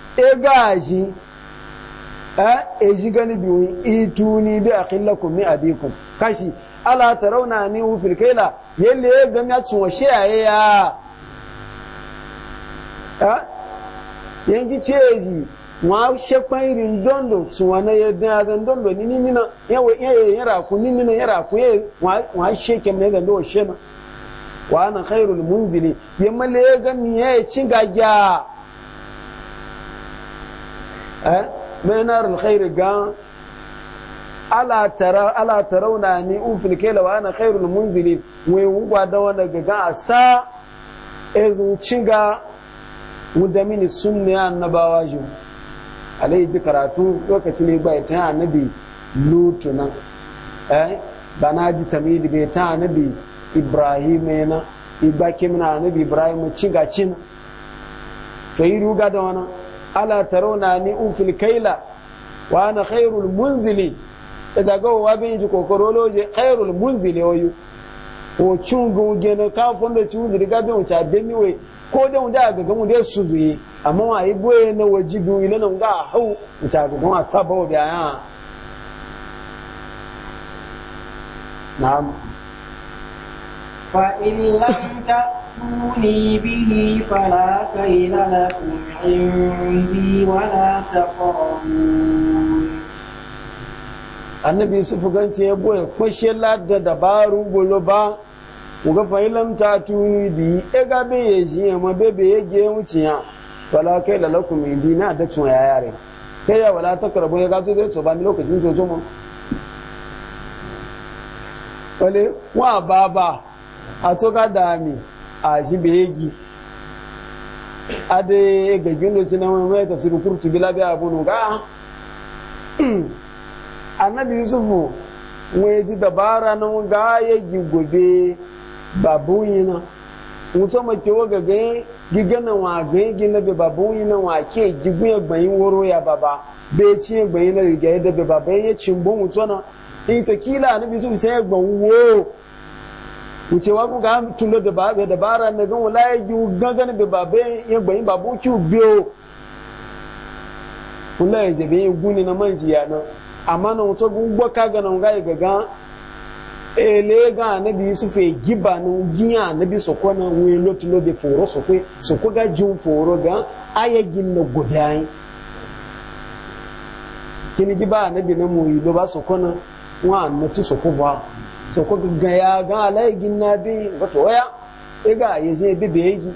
egaji a eji gani biyu ituni bi akillakum mi a abikum kashi ala tarawna ni hu fil kayla yalle gam ya a shaye ya a yangi ceji wa shekpan irin dondo tsuwa na ya zan dondo ni ni na yawa yaye yara ku ni ni yara ku ya wa sheke mai zan do shema wa ana khairul munzili yamma le gam ya yi cinga gya Eh? minar alkhairi gan ala tara ala tarawna ni ufil kela wa ana khairul munzilin we wugwa da wanda asa ezu cinga wanda mini sunni annabawa ji alai ji karatu lokacin ne bai ta annabi lutu eh bana ji tamidi bai ta annabi ibrahim na ibaki mina annabi ibrahim to ruga da wannan ala tarona ni ufil kaila wa ana khairul munzili idza go wa be ji kokoro loje khairul munzili oyu o chungu gena ka fondo chi uziri ga be uncha be miwe ko de unda ga ga mu de suzuyi amma wa igwe na wajibu ina nan ga hau uncha ga ga sabo bi aya na'am fa in lam ta تأتوني به فلا كيل لكم عندي ولا تقربون annabi yusufu ganci ya boye kwashe ladda dabaru golo ba ku ga fahilam ta tuni bi e ga be ye ji ma be be ye ge wuciya wala kai la lakum indina da tun ya yare kai ya wala ta karbo ya ga to zai to ba ni lokacin to to wale wa baba a to ga dami a shi beyegi ade ga gindo ci na mai tafsir kurtubi labi abu ga annabi yusufu wai ji dabara na ga ya gobe babu yana mutum ma ke waga ga gigana wa ga gina be babu na wa ke gigun ya gbayin woro ya baba bai ci ya gbayin na riga ya dabe baba ya cimbon mutum na in to kila annabi yusufu ta ya gbawo wuce wa ga tulo da ba da bara na e gan wala ya gi gangan be ba be ya gbayin babu ki e je be guni na manji ya na amma na wuce gun gbo ka ga na ga ga e ga ele ga na bi su fe giba na giya na bi so ko na we lo tulo be foro so ko so ko ga foro ga gin na so ko gaya ga alai na bi wato waya ega ye je bi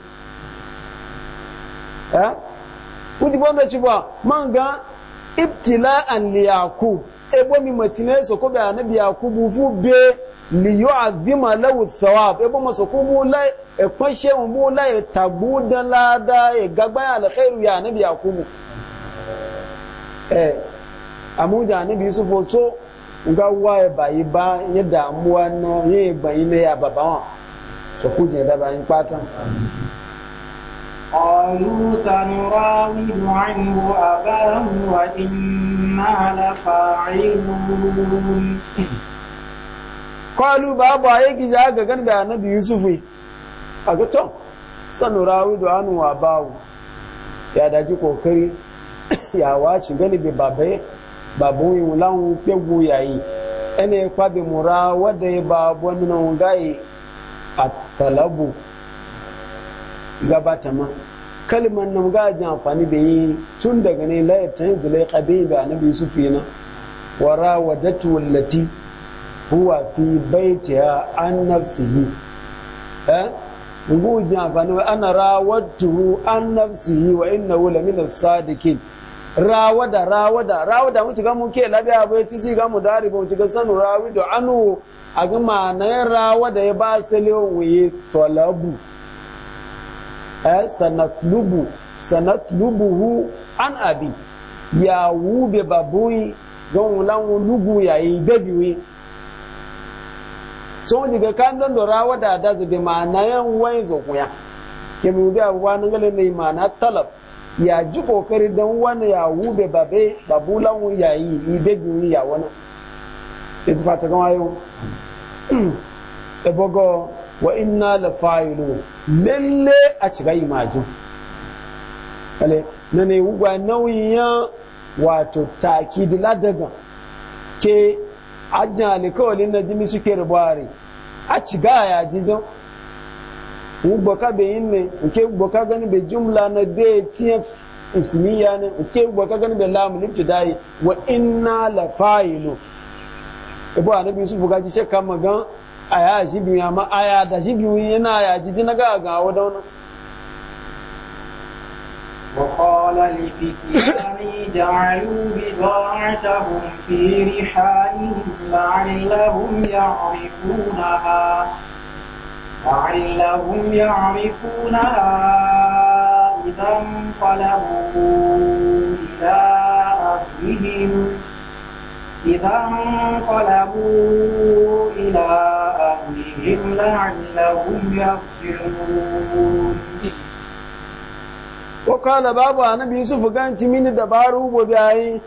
ha bonda manga ibtila'an li yaqub ebo mi matine so ko ba nabi yaqub fu be li lahu thawab e ko mu la e she mu la e la da e gagba al khairu ya bi yaqub eh amuja so nga wa ya bayi ba ya damuwa no ya bayi na ya baba wa so ku je da bayin patan qalu sanurawidu anhu abahu wa inna la fa'ilun qalu babu ayi gija ga gan da annabi yusufu a ga to sanurawidu anhu abahu ya daji kokari ya wace gani bai babaye babu yin lan pegu yayi ene kwabe mura wada ba nan gai a talabu gabata ma kalmar nan ga ji amfani da yi tun daga ne la yi zulaikha kabi da annabi yusuf na wara wadda tuwallati huwa fi ya an nafsi eh ngu ji amfani wa ana rawatuhu an yi wa wula lamina sadikin rawada rawada rawada mu ciga mu ke labiya bai ci si ga mu dari ba mu ciga sanu rawi do anu a ga ma ma'anar rawada ya ba sale wuyi talabu eh sanatlubu sanatlubuhu an abi ya wube babui don wulan lugu ya yayi bebiwi so mu ciga kan don rawada da zube na yan wai zo kuya ke mu bi abuwa nan gale ne na talab ya ji kokari don wani ya wube babe babulan ya yi ibe biyu ya wani ita fata gama yau ebogo wa inna la fa'ilu lalle a shiga imajin ale na ne wugwa nauyin wato taki da ladagan ke ajiyar alikawalin na jimi suke rubari a shiga ya jijin boka be yinne nke boka gani be jumla na be tiya isimiya ne nke boka gani be lamu libtidai wa inna la fa'ilu ibo anabi yusuf ga ji shekka magan aya shi biyu ma aya da shi biyu yana aya ji na ga ga wa dauna وقال لفتياني جعلوا بضاعتهم في رحالهم لعلهم يعرفونها لعلهم يعرفونها إذا انقلبوا إلى أهلهم إذا انقلبوا إلى أهلهم لعلهم يرجعون وقال بابا أنا يوسف كان تمين دبارو وبيعي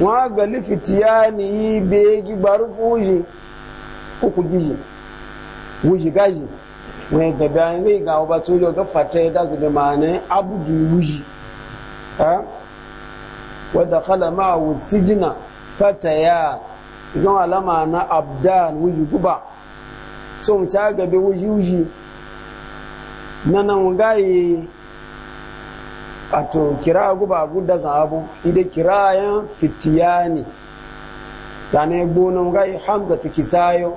وقال فتياني بيجي بارو فوجي كوكو wuji gaji wai da bayan zai ga ba to ga fata ya dazu da abu abudu wuji ha wadda kala ma'awu sijina fataya ya idan alama na abdan wuji guba so mu ta gabe wuji wuji na nan gaye ato kira guba guda zabu ide kirayan fitiyani tane gbonon gai hamza fikisayo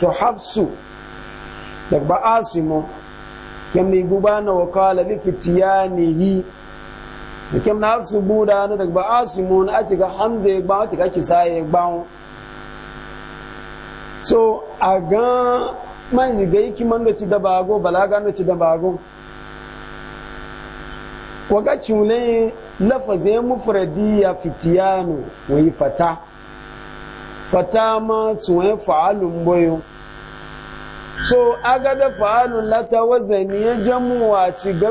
to hafsu daga asimu kem ni guba na wakala li fitiyanihi da kem na su buda na daga asimu na aci ga hamza ya gbawo aci ga kisa ya gbawo so a ga man yi ga yiki man da ci da bago balaga da ci da bago waga cule lafazin mufradi ya fitiyanu wai fata fata ma tsuwen fa'alun boyo so aga da fa'alu lata ne ya jamuwa ci ga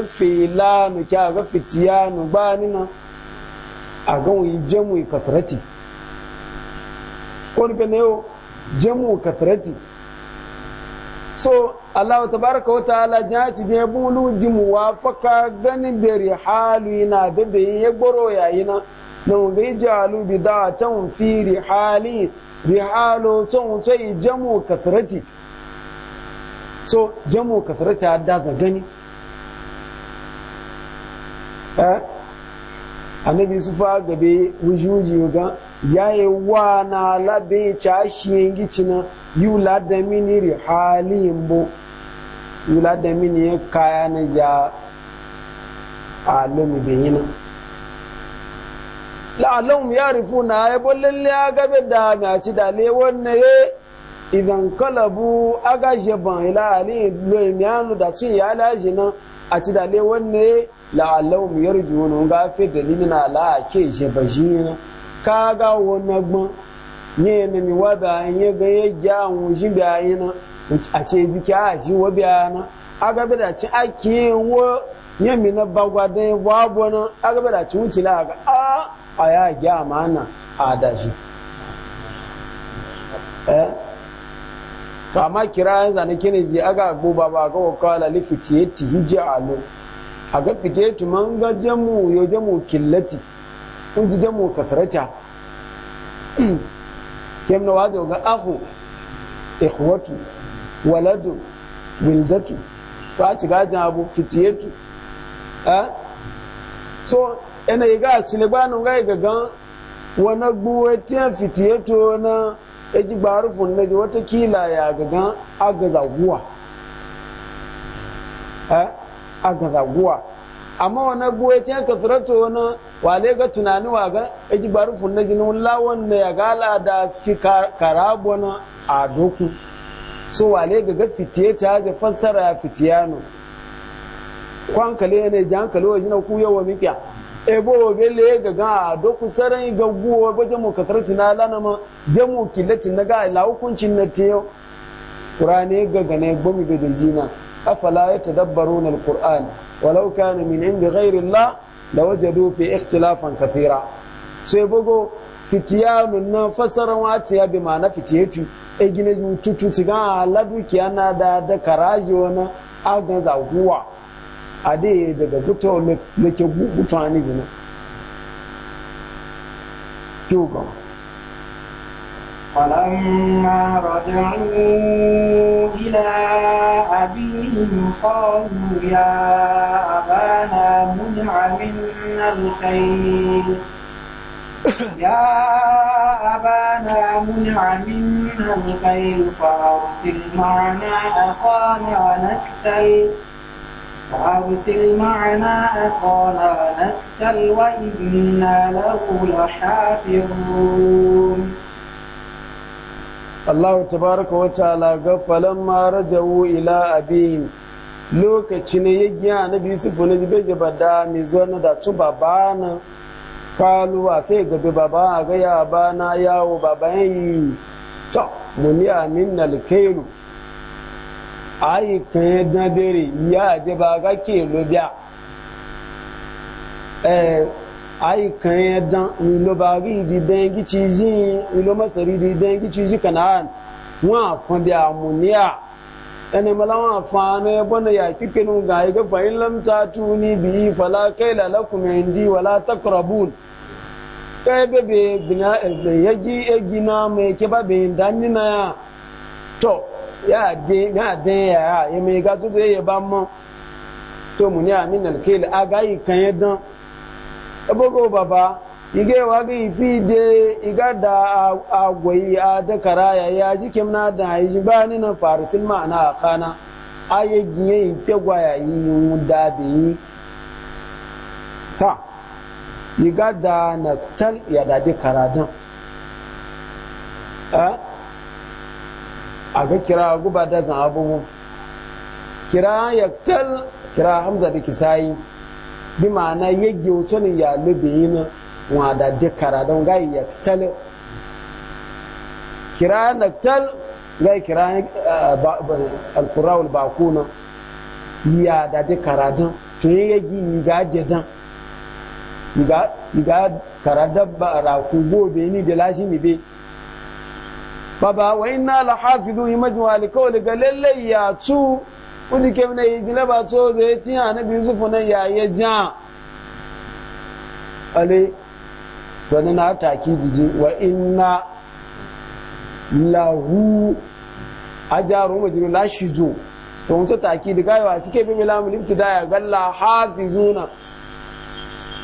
na kya ga na ba ni na a ga wuyi jamu kasrati ko ni ne yau jamu so Allah tabaraka wa ta'ala ji ci je bulu jimuwa faka gani beri halu ina bebe ya gboro yayina na mu bai jalu can fi rihali rihalo tun sai jamu kasrati so jamu kasar hadda daza gani eh annabi su fa gabe wujuji ga yayi wa na labe shi yengi cina yula da mini ri halimbo yula da mini kaya na ya alimi bayina la'allahum yarifuna ay bollalle ya gabe da na ci da le wannan eh idan kalabu aga jeban ila ali lo imianu da ci ya laji nan a ci dale wanne la'allahu mu yarju wani ga fi dalilin ala ke jeban shi ne ka ga wani gbọn ne na mi wa ba an yi ga ya ja an shi da yi na a ce jiki a shi wa biya na aga bi da ci ake wo ne aga bi da a a ya ga eh to amma kirayen zane kene je aga go baba ga wakala li fitiyati hijalu aga fitiyatu man ga jamu yo jamu killati kun ji jamu kasrata kem na wajo ga ahu ikhwatu waladu wildatu ba ci ga jabu fitiyatu eh so ene ga ci le ba no ga ga wani gbuwe tiyan fitiyatu na ya ji rufin na ji watakila ya gagan agazaguwa agazaguwa amma wani goye ta yanka tsirato wani wale ga tunani wa ga ya ji rufin na ji nula wanda ya gala da fi karabu na a doku so wale ga ga fitiye ta ga fassara ya fitiyano kwankale ne ji hankali wajen ku yawa mikiya ebo bele ga ga do ku saran ga guwa mu jamu na lana ma mu killati na ga la hukuncin na teo qur'ani ga ga ne gomi da jina afala yatadabbaruna alquran walau kana min inda ghairi allah wajadu fi ikhtilafan kathira sai bogo fitiyanun na fasaran wata ya bi ma'ana fitiyetu e gine tutu ci ga ladu kiyana da da karajo na agan zaguwa ade daga doktor na ke mutane jina kyoga فلما رجعوا إلى أبيهم قالوا يا أبانا منع منا الخير يا أبانا منع منا الخير فأرسل معنا أخانا نكتل أرسل معنا أخانا نكتل وإنا له لحافظون Allah tabaraka wata ta'ala ga falan ma rajawu ila abin lokaci ne ya giya annabi Yusuf ne jibe jiba da mi zo na da tu baba na kalu a fe gabe baba a ga ya bana yawo baba yi to mun ya min alkhairu ayi kan ye dan bere ya de ga ke lo bia ɛɛ ayi kan ye dan ilo a yi di dan dan gi ci zi kana wọn afɔn bi amuniya ɛnɛ mala wọn afɔn ne bɔnɛ ya kike nu ga yi e ka fa in lam ta tu bi fala kai la la kuma wala ta kurabun kai bɛ bɛ bina ɛɛ e yagi egi mɛ kɛ ba bɛ dan ni na tɔ. ya din ya din ya ya me ga to ye ba mo so mu ni amin al kil aga yi kan ye dan ebogo baba ige wa ga fi de iga da agwai a da kara ya ji kim na da yi ba ni na farisil ma na kana aye giye ipe gwa ya yi un da bi ta iga da na tal ya da de kara eh ah? a ga kira guba da zan abubu kira tal kira hamza da kisayi bi ma'ana yagge wuce ne ya lube yi na wada dikara don gai tal kira tal gai kira eh, alkurawul bakuna ya da dikara don to yi yagi yi ga don yi ga kara dabba raku gobe ni da lashi mi be Ba ba wa inna la hafizu himajin walikau daga lallai ya tu kuji ke mina yi jina ba to zai ti a na biyu zufu nan ya yi ja ale to ni na taki jiji wa inna lahu ajaru majiru la shijo to mutu taki da gayo a cike bi milamu da ya ga la hafizuna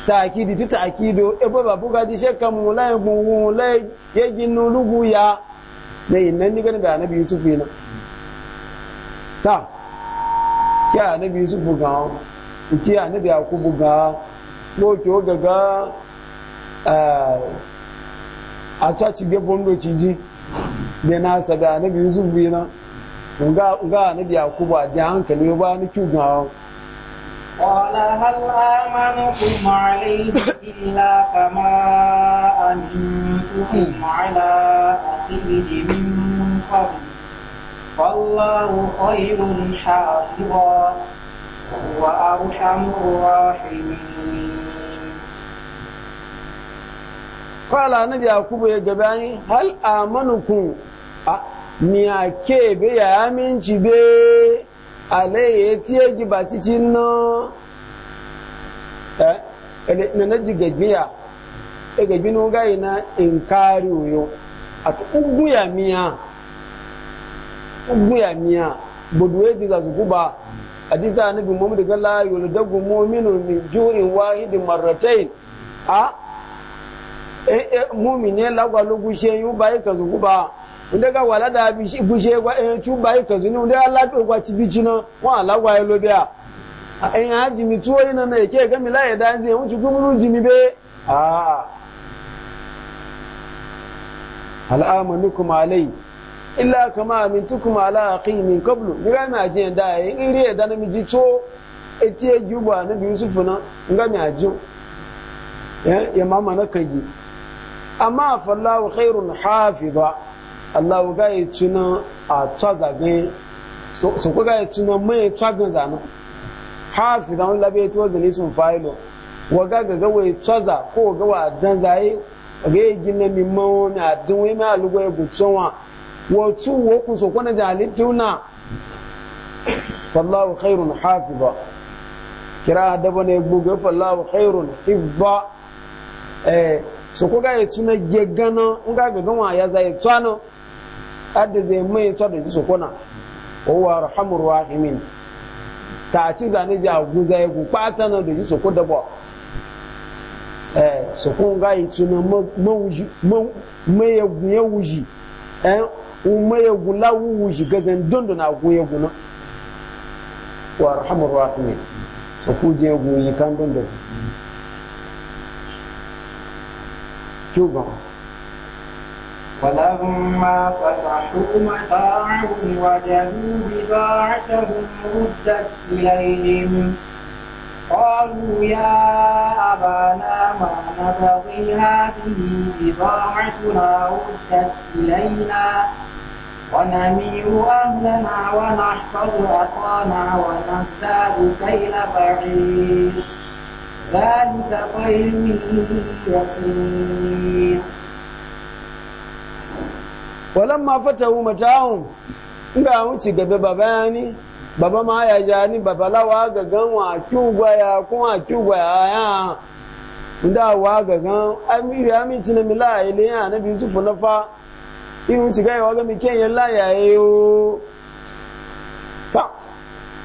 takidi ti takido ebe babu gaji shekamu lai gungun lai yegin nulugu ya na yin nan ni gani bai anabi yusuf yana ta ki anabi yusuf ga ki anabi yakubu ga ko ki o gaga eh, a ta ci gefon do ci ji da na sa da anabi yusuf yana ga ga anabi yakubu a ji hankali ba ni ki ga قال هل آمنكم عليه إلا كما أمنتكم على أخيه من قبل فالله خير حافظا وأرحم الراحمين قال النبي يعقوب يا جباني هل آمنكم ميا كيبي يا أمين جبي alaye ti egi ba titi no eh ele na na ji gagbiya gagbi ga ina inkari uyo at ugu ya miya ugu ya miya bodwe ji za su kuba hadisa annabi Muhammad ga la yuldagu mu'minun min ju'in wahidin marratayn a eh mu'mine lagwa lugu sheyu bai ka zuguba wunde ga wala da bi shi bushe gwa eh tuba yi kazu ni wunde Allah ko gwa ci bici no wa Allah gwa yi lobiya a en eh, ha jimi tuwo yi na yake ga mi la ya dan je wuci gumuru jimi be a hal amanukum alai illa kama amintukum ala aqi min qablu mi ga mi aje da yi iri ya na mi ji tuwo eti eju gwa na bi Yusuf na nga mi ajo eh, ya mama na kaji amma fallahu khairun hafiza Allah ga yi tuna a tsaza ga so ko ga yi tuna mai tsagan zanu hafi da wala bai to zani sun failo wa ga ga wai tsaza ko ga wa dan zai ga yi gina mi mawo mi adin wai ma alugo ya gutsuwa wa tu wo ku so kona jalituna fallahu khairun hafiza kira da bane buga fallahu khairun hibba eh so ko ga yi tuna gegana in ga ga wa ya zai tsano adda zai mai ta da na kuna wa arhamur rahimin ta ci zane ji aguza ya ku na da jisu kuda ba eh su kun ga yi tuna wuji eh umma ya wuji e, gazan dundu na gu ya guna wa arhamur rahimin su ji ya gu yi kan dundu Cuba. فلما فتحوا متاعهم وجدوا بضاعتهم ردت إليهم قالوا يا أبانا ما نبغي هذه بضاعتنا ردت إلينا ونمير أهلنا ونحفظ أخانا ونزداد كيل بعير ذلك خير يسير walamma fatahu mata'un nga wuce gabe baba ni baba ma ya ja ni baba lawa ga gan wa kyugwa ya kuma kyugwa ya ya nda wa ga gan amiri amici na mila ile ya na bizu fulafa in wuce ga ya ga mi ken yalla ta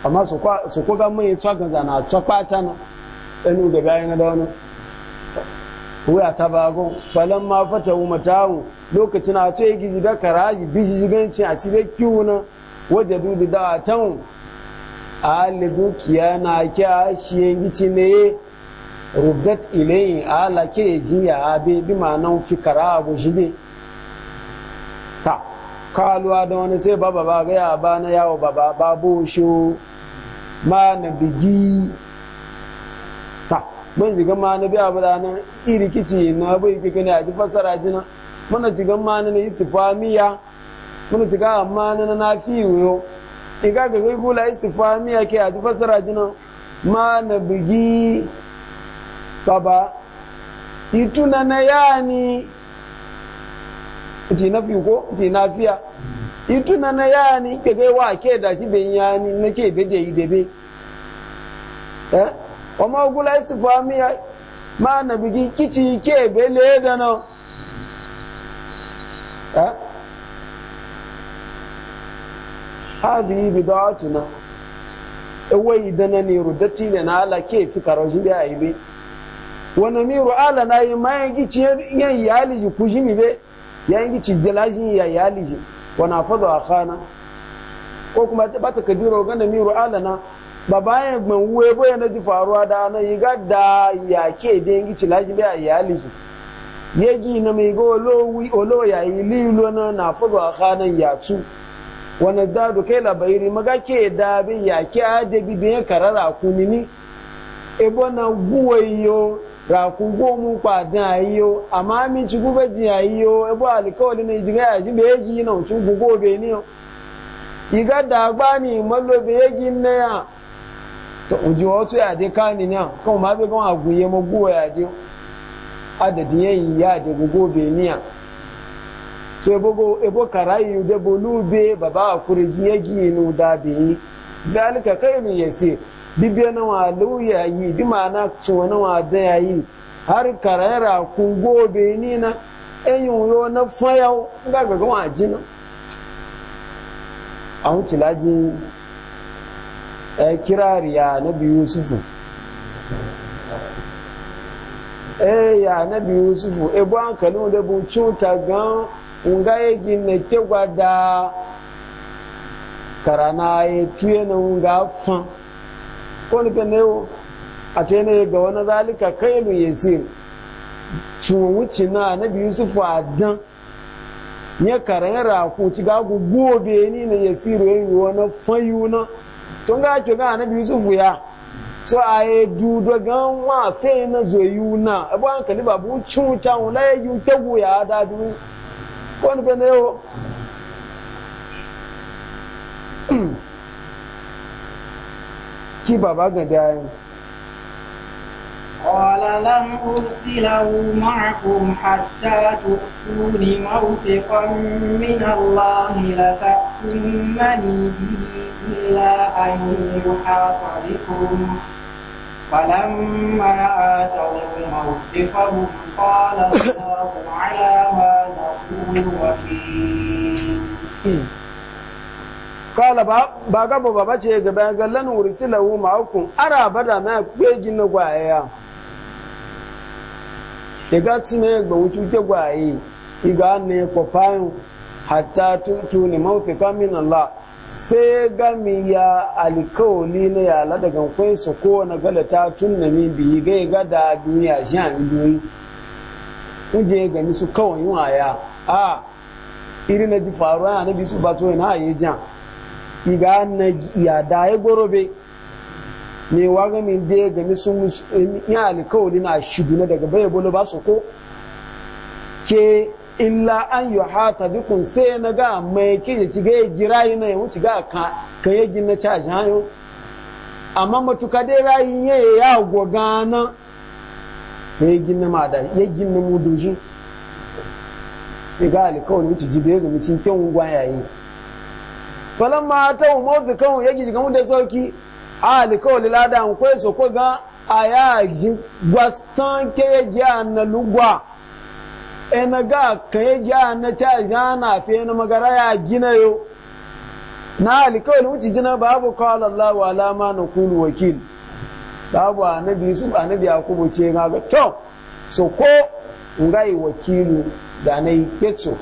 amma su kwa su ko ga mun yi tsaka zana tsaka ta na enu da bayan da wannan wuya ta bago falan ma fata wu umatahu lokacin a ce gizi da karaji bijiganci a cibe kiwuna wajadu bi da a ali dukiya na a shi ci ne rubdat halake ya ji jiya abe bi ma nan fi kara abu shi ta kaluwa da wani sai baba ba ga ya ba na yawo baba babu shi ma na bigi ban jiga ma na biya bula nan iri kici na bai fi gani a ji fasara jina mana jiga ma na na istifamiya mana jiga amma na na na fi yiwu in ga ga gaibu kula istifamiya ke a ji fasara jina ma na bugi baba ituna na yani ce na fi ko ce na fiya ituna na yani ke wa ke da shi ben yani na ke beje yi debe eh Wama ọmọ ogúnlá istifamiya máa nàbìgí kíchì ike ègbé léèdánà ha bi bi da tuna ewai dana ne rudati da na ala ke fi karoshin da yi be wani miru ala na yi ma yanki ci yan yaliji ku be yanki ci dalajin ya yaliji wani afadu a kana ko kuma bata kadiro gana miru ala na baba ya gban wuwe boye na ji faruwa da na yi gadda ya ke da yanki cilashi bai a iyali su ya gi na mai ga olo ya yi lilo na na fago a kanan ya tu wani dadu kai labairi maga ke da bi ya ke adabi bi ya karara ni. ebo na guwa iyo rakun gomu kwadin a iyo amma min ci gube ji a yo ebo alikawali na ijiga ya ji bai gi na ucin gugobe ne iga da gba ni malobe ya gi na ya to uju wasu ya dai kani nya kan ma bai kan aguye mu ya dai adadi yayi ya da gugo beniya so ebogo ebo ude de bolube baba akuriji yagi nu da bi zalika ya si bibia na wa ya yi bi na tuwa na wa ya yi har karayara ku gobe ni na enyu yo na fayau ga ga wa jina a wuce eh kirariya nabi yusufu eh ya nabi yusufu e bo an da bu chuta gan unga e na ke gwada karana e tuye na unga fan ko ni kan newo atene ga wani zalika kailu yasir chuwa wuce na nabi yusufu adan nye karayara ku ci gagu gobe ni na yasiru yayi wani fayuna na tun ga ake ga annabi yusufu ya so a yi dudo gan wa fe na zoyu na abu an kaliba bu cuta wula ya yi ya da ko ni ki baba ga da قال لم أرسله معكم حتى تؤتوني موثقا من الله لتأتونني به إلا أن يحاط بكم فلما آتوا موثقهم قال الله على ما نقول وكيل kala ba ba gaba ba ba ce ga bayan ga lan ursilahu ma'akum ara bada ma kwegin gwayaya daga tuna ga wucu ke gwaye iga ne kwafayin hata tutu ne mafika min Allah sai gami ya alikawoli na yala daga kwai su kowane galata tun na min biyi gai gada duniya shi a duniya kuje gami su kawai yi waya a iri na ji faruwa na bisu ba to na yi jan iga na yada ya gorobe me waga min de ga mi sun eh, ya alkawari na shidu na daga bai bolo ba su ko ke illa an yi hata bikun sai na ga mai ke da ci ga ya gira yi na yawon ci ga ka yi gina caji hanyo amma matuka dai rayin ya yi ya gwaga na ka yi gina ma da ya gina mu doji ga alkawari wuce ji da ya zama cin kyan gwayaye falamma ta umarzu kan ya gina mu da sauki alikawali ladan kwai su ko gan a yaji gwastan ke ya gya na lugwa ina e ga ka ya gya na ca jana fi na magara ya gina yo na alikawali wuce jina babu kawal Allah wa na kulu wakil babu anabi yusuf annabi yakubu ce na ga to so ko ngai wakilu zanai petso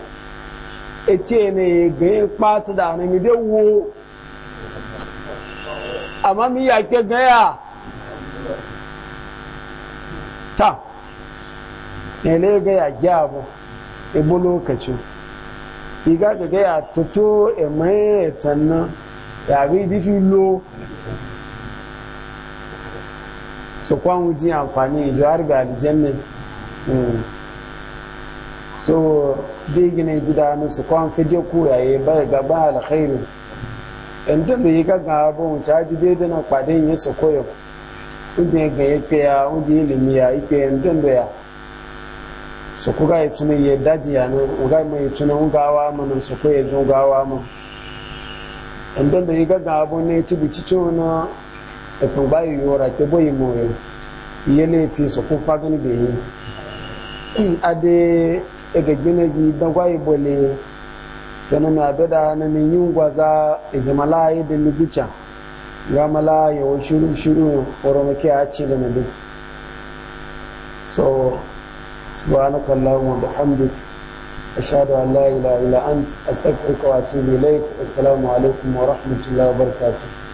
ete ne ga ya kpata da anabi dai wo amma mi ke gaya ta ele gaya gyabo ebo lokacin iga ga gaya tuto emaye tanna ya bi difi lo so kwan wujin amfani ijo har ga aljanna hmm. so digina ji su kwan fide ku yaye bai gaba alkhairu ɗan da ịga ga ga abu caji daidai na kwadin ya sokoyo inda ya ganye ya ya ikpe ya ɗan ya su kuka ya tunan ya daji ya na ya ma ga ga abụ ne ci na ɗafin bayi yora ke boyi moyo iya laifi su kun na tana na bada na min yin gwaza ijimala yi da miguca ga mala yawon shiru shiru oromake a ce da nabi so subhanaka allahumma bihamdik ashhadu an la ilaha illa ant astaghfiruka wa atubu ilaik assalamu alaikum wa rahmatullahi wa barakatuh